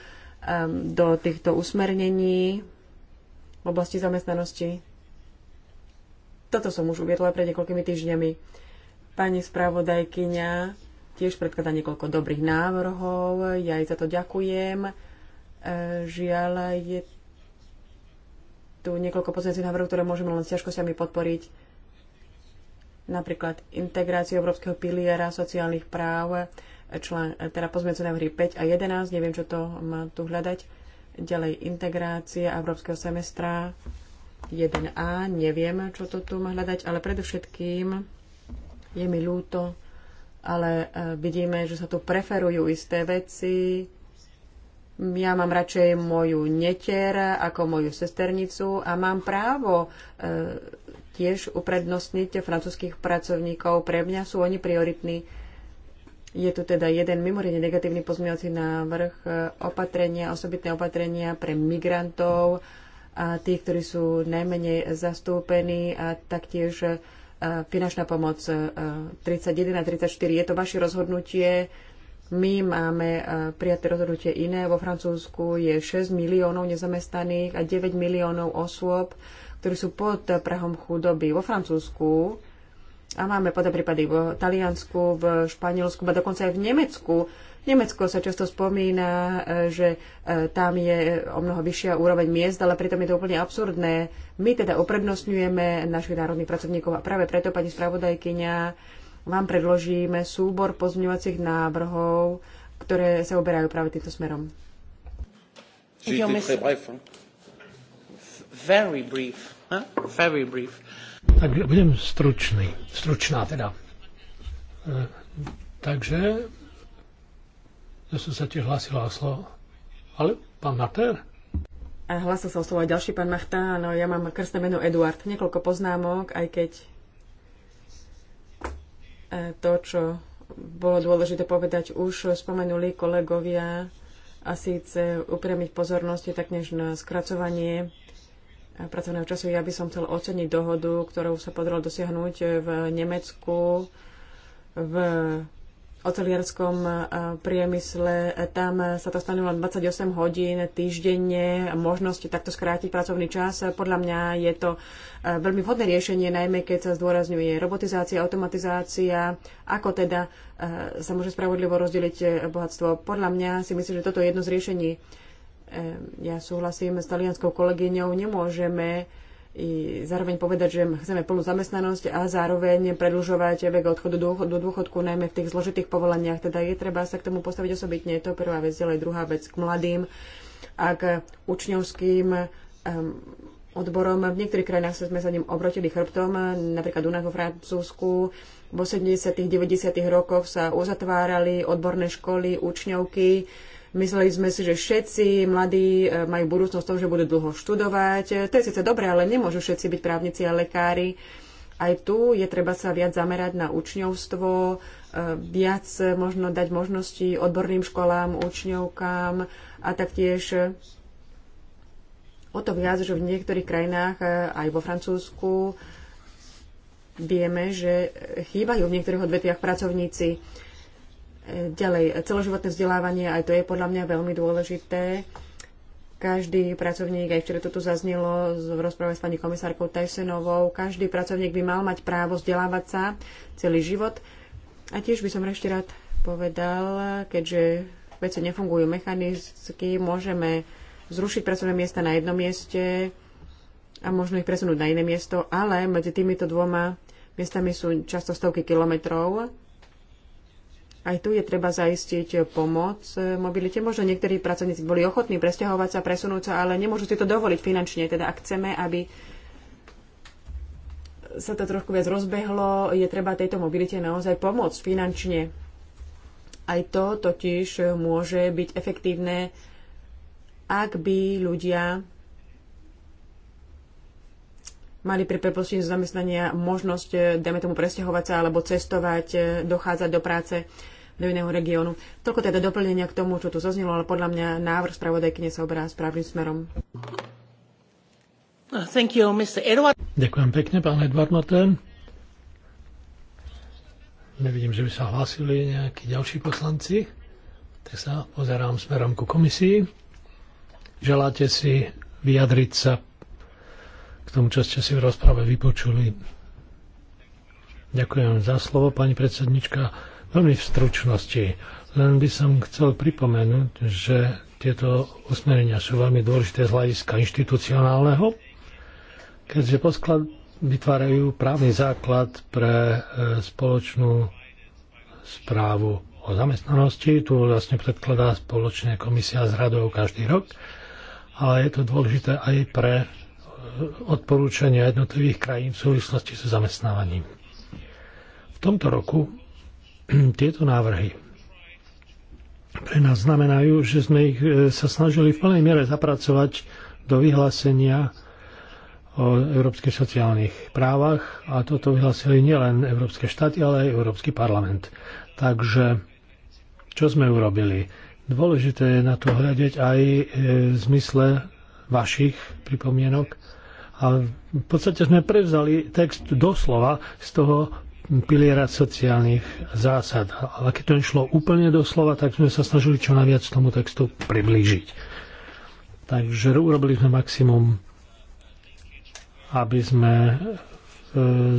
do týchto usmernení v oblasti zamestnanosti. Toto som už uviedla pred niekoľkými týždňami. Pani spravodajkyňa tiež predkladá niekoľko dobrých návrhov, ja jej za to ďakujem. E, žiaľ, je tu niekoľko pozorných návrhov, ktoré môžeme len s ťažkosťami podporiť. Napríklad integráciu Európskeho piliera sociálnych práv, člen, teda pozmeňujúce návrhy 5 a 11, neviem, čo to má tu hľadať. Ďalej integrácia Európskeho semestra 1a, neviem, čo to tu má hľadať, ale predovšetkým je mi ľúto, ale e, vidíme, že sa tu preferujú isté veci. Ja mám radšej moju netier ako moju sesternicu a mám právo e, tiež uprednostniť francúzských pracovníkov. Pre mňa sú oni prioritní. Je tu teda jeden mimoriadne negatívny pozmeňovací návrh, e, opatrenia, osobitné opatrenia pre migrantov a tých, ktorí sú najmenej zastúpení a taktiež finančná pomoc 31 e, a 34. Je to vaše rozhodnutie. My máme e, prijaté rozhodnutie iné. Vo Francúzsku je 6 miliónov nezamestnaných a 9 miliónov osôb, ktorí sú pod prahom chudoby. Vo Francúzsku a máme podobné prípady v Taliansku, v Španielsku, a dokonca aj v Nemecku Nemecko sa často spomína, e, že e, tam je e, o mnoho vyššia úroveň miest, ale pritom je to úplne absurdné. My teda uprednostňujeme našich národných pracovníkov a práve preto, pani spravodajkyňa, vám predložíme súbor pozmeňovacích návrhov, ktoré sa uberajú práve týmto smerom. Tak budem stručný, stručná teda. takže ja som sa tiež hlasila o slovo. Ale pán Martér? A hlasil sa o slovo aj ďalší pán Machta. Áno, ja mám krstné meno Eduard. Niekoľko poznámok, aj keď e, to, čo bolo dôležité povedať, už spomenuli kolegovia a síce upriamiť pozornosť tak než na skracovanie e, pracovného času. Ja by som chcel oceniť dohodu, ktorú sa podarilo dosiahnuť v Nemecku v oceliarskom e, priemysle. Tam sa to stane len 28 hodín týždenne, možnosť takto skrátiť pracovný čas. Podľa mňa je to e, veľmi vhodné riešenie, najmä keď sa zdôrazňuje robotizácia, automatizácia, ako teda e, sa môže spravodlivo rozdeliť bohatstvo. Podľa mňa si myslím, že toto je jedno z riešení. Ja súhlasím s talianskou kolegyňou, nemôžeme i zároveň povedať, že chceme plnú zamestnanosť a zároveň predlžovať vek odchodu do dôchodku, najmä v tých zložitých povolaniach. Teda je treba sa k tomu postaviť osobitne. To prvá vec, ale druhá vec k mladým a k učňovským um, odborom. V niektorých krajinách sme sa ním obrotili chrbtom, napríklad u nás vo Francúzsku. V 80. 90. rokoch sa uzatvárali odborné školy, učňovky Mysleli sme si, že všetci mladí e, majú budúcnosť v tom, že budú dlho študovať. E, to je síce dobré, ale nemôžu všetci byť právnici a lekári. Aj tu je treba sa viac zamerať na učňovstvo, e, viac možno dať možnosti odborným školám, učňovkám a taktiež o to viac, že v niektorých krajinách, aj vo Francúzsku, vieme, že chýbajú v niektorých odvetviach pracovníci Ďalej, celoživotné vzdelávanie, aj to je podľa mňa veľmi dôležité. Každý pracovník, aj včera toto zaznelo v rozprave s pani komisárkou Tysonovou, každý pracovník by mal mať právo vzdelávať sa celý život. A tiež by som ešte rád povedal, keďže veci nefungujú mechanicky, môžeme zrušiť pracovné miesta na jednom mieste a možno ich presunúť na iné miesto, ale medzi týmito dvoma miestami sú často stovky kilometrov aj tu je treba zaistiť pomoc e, mobilite. Možno niektorí pracovníci boli ochotní presťahovať sa, presunúť sa, ale nemôžu si to dovoliť finančne. Teda ak chceme, aby sa to trošku viac rozbehlo, je treba tejto mobilite naozaj pomôcť finančne. Aj to totiž môže byť efektívne, ak by ľudia mali pri prepuštení zamestnania možnosť, e, dajme tomu, presťahovať sa alebo cestovať, e, dochádzať do práce do iného regiónu. Toľko teda doplnenia k tomu, čo tu zaznelo, ale podľa mňa návrh spravodajkyne sa obrá správnym smerom. Uh, thank you, Mr. Edward. Ďakujem pekne, pán Edward Martin. Nevidím, že by sa hlásili nejakí ďalší poslanci. Tak sa pozerám smerom ku komisii. Želáte si vyjadriť sa v tomu, čo ste si v rozprave vypočuli. Ďakujem za slovo, pani predsednička. Veľmi v stručnosti. Len by som chcel pripomenúť, že tieto usmerenia sú veľmi dôležité z hľadiska inštitucionálneho, keďže posklad vytvárajú právny základ pre e, spoločnú správu o zamestnanosti. Tu vlastne predkladá spoločná komisia s radou každý rok, ale je to dôležité aj pre odporúčania jednotlivých krajín v súvislosti so zamestnávaním. V tomto roku tieto návrhy pre nás znamenajú, že sme ich e, sa snažili v plnej miere zapracovať do vyhlásenia o európskych sociálnych právach a toto vyhlásili nielen európske štáty, ale aj Európsky parlament. Takže čo sme urobili? Dôležité je na to hľadať aj e, v zmysle vašich pripomienok a v podstate sme prevzali text doslova z toho piliera sociálnych zásad. Ale keď to išlo úplne doslova, tak sme sa snažili čo najviac tomu textu priblížiť. Takže urobili sme maximum, aby sme e,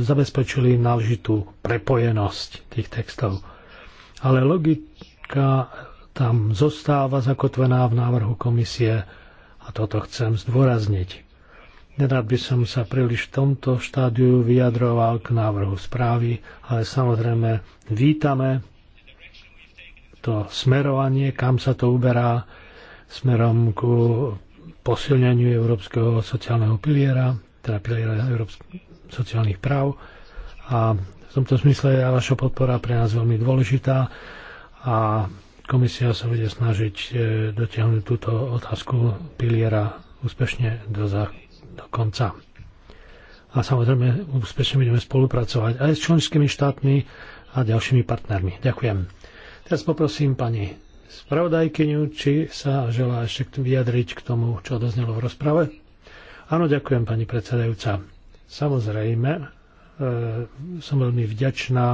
zabezpečili náležitú prepojenosť tých textov. Ale logika tam zostáva zakotvená v návrhu komisie a toto chcem zdôrazniť. Nerad by som sa príliš v tomto štádiu vyjadroval k návrhu správy, ale samozrejme vítame to smerovanie, kam sa to uberá smerom ku posilneniu Európskeho sociálneho piliera, teda piliera Európskych sociálnych práv. A v tomto smysle je vaša podpora pre nás veľmi dôležitá a komisia sa bude snažiť e, dotiahnuť túto otázku piliera úspešne do, za, do konca. A samozrejme úspešne budeme spolupracovať aj s členskými štátmi a ďalšími partnermi. Ďakujem. Teraz poprosím pani spravodajkyňu, či sa želá ešte vyjadriť k tomu, čo doznelo v rozprave. Áno, ďakujem, pani predsedajúca. Samozrejme, e, som veľmi vďačná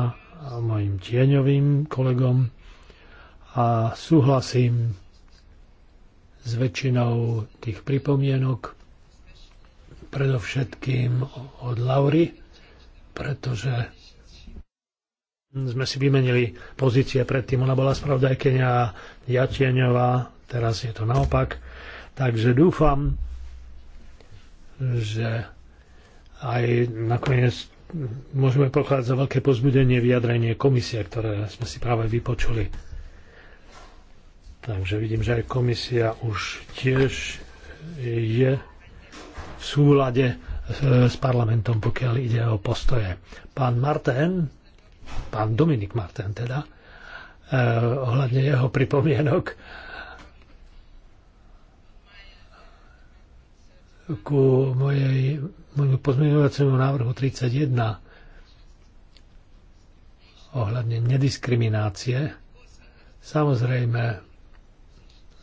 mojim tieňovým kolegom a súhlasím s väčšinou tých pripomienok, predovšetkým od Laury, pretože sme si vymenili pozície predtým. Ona bola spravodajkenia Jatieňová, teraz je to naopak. Takže dúfam, že aj nakoniec môžeme pochádzať za veľké pozbudenie vyjadrenie komisie, ktoré sme si práve vypočuli. Takže vidím, že aj komisia už tiež je v súlade e, s parlamentom, pokiaľ ide o postoje. Pán Martin, pán Dominik Martin teda, e, ohľadne jeho pripomienok ku mojej, môjmu pozmeňovacému návrhu 31 ohľadne nediskriminácie. Samozrejme,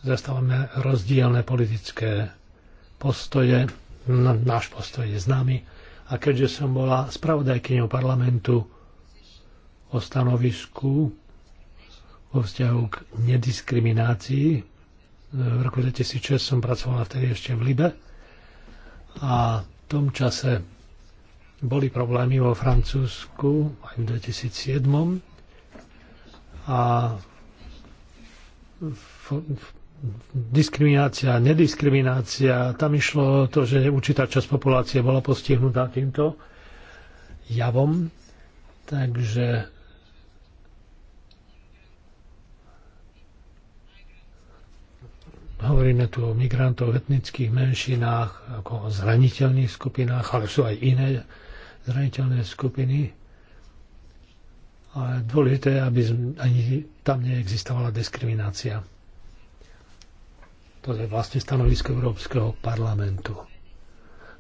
zastávame rozdielne politické postoje náš postoj je známy. A keďže som bola spravodajkyňou parlamentu o stanovisku vo vzťahu k nediskriminácii, v roku 2006 som pracovala vtedy ešte v Libe a v tom čase boli problémy vo Francúzsku aj v 2007 a v, diskriminácia, nediskriminácia. Tam išlo o to, že určitá časť populácie bola postihnutá týmto javom. Takže hovoríme tu o migrantov v etnických menšinách, ako o zraniteľných skupinách, ale sú aj iné zraniteľné skupiny. Ale dôležité, aby ani tam neexistovala diskriminácia. To je vlastne stanovisko Európskeho parlamentu.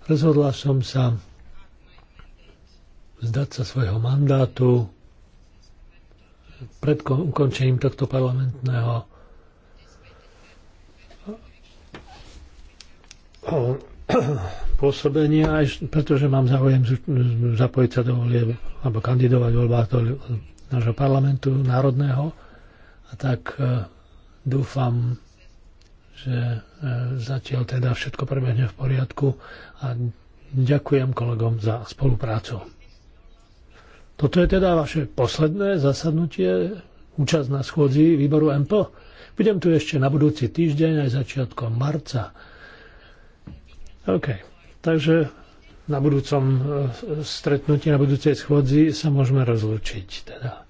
Rozhodla som sa vzdať sa svojho mandátu pred ukončením tohto parlamentného pôsobenia, aj pretože mám záujem zapojiť sa do volieb alebo kandidovať v voľbách do nášho parlamentu národného. A tak eh, dúfam, že e, zatiaľ teda všetko prebehne v poriadku a ďakujem kolegom za spoluprácu. Toto je teda vaše posledné zasadnutie, účasť na schôdzi výboru MP. Budem tu ešte na budúci týždeň aj začiatkom marca. OK, takže na budúcom e, stretnutí, na budúcej schôdzi sa môžeme rozlučiť. Teda.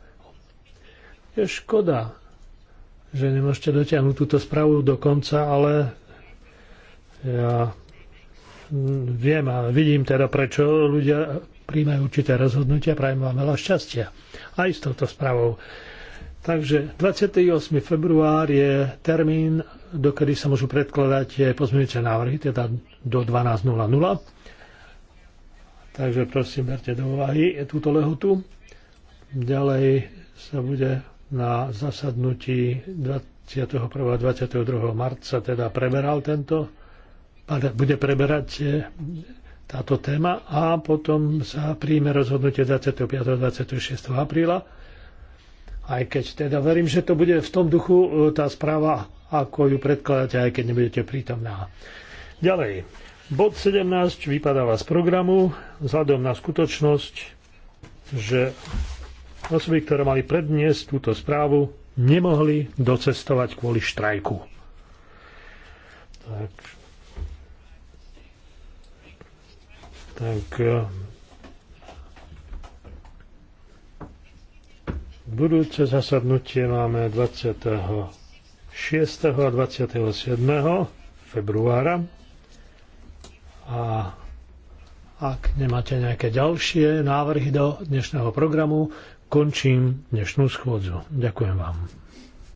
Je škoda, že nemôžete dotiahnuť túto správu do konca, ale ja viem a vidím teda, prečo ľudia príjmajú určité rozhodnutia. Prajem vám veľa šťastia aj s touto správou. Takže 28. február je termín, do kedy sa môžu predkladať pozmeňujúce návrhy, teda do 12.00. Takže prosím, berte do úvahy túto lehotu. Ďalej sa bude na zasadnutí 21. a 22. marca teda preberal tento, bude preberať e, táto téma a potom sa príjme rozhodnutie 25. a 26. apríla. Aj keď teda verím, že to bude v tom duchu e, tá správa, ako ju predkladáte, aj keď nebudete prítomná. Ďalej. Bod 17 vypadáva z programu vzhľadom na skutočnosť, že osoby, ktoré mali predniesť túto správu, nemohli docestovať kvôli štrajku. Tak, tak e, budúce zasadnutie máme 26. a 27. februára a ak nemáte nejaké ďalšie návrhy do dnešného programu, končím dnešnú schôdzu. Ďakujem vám.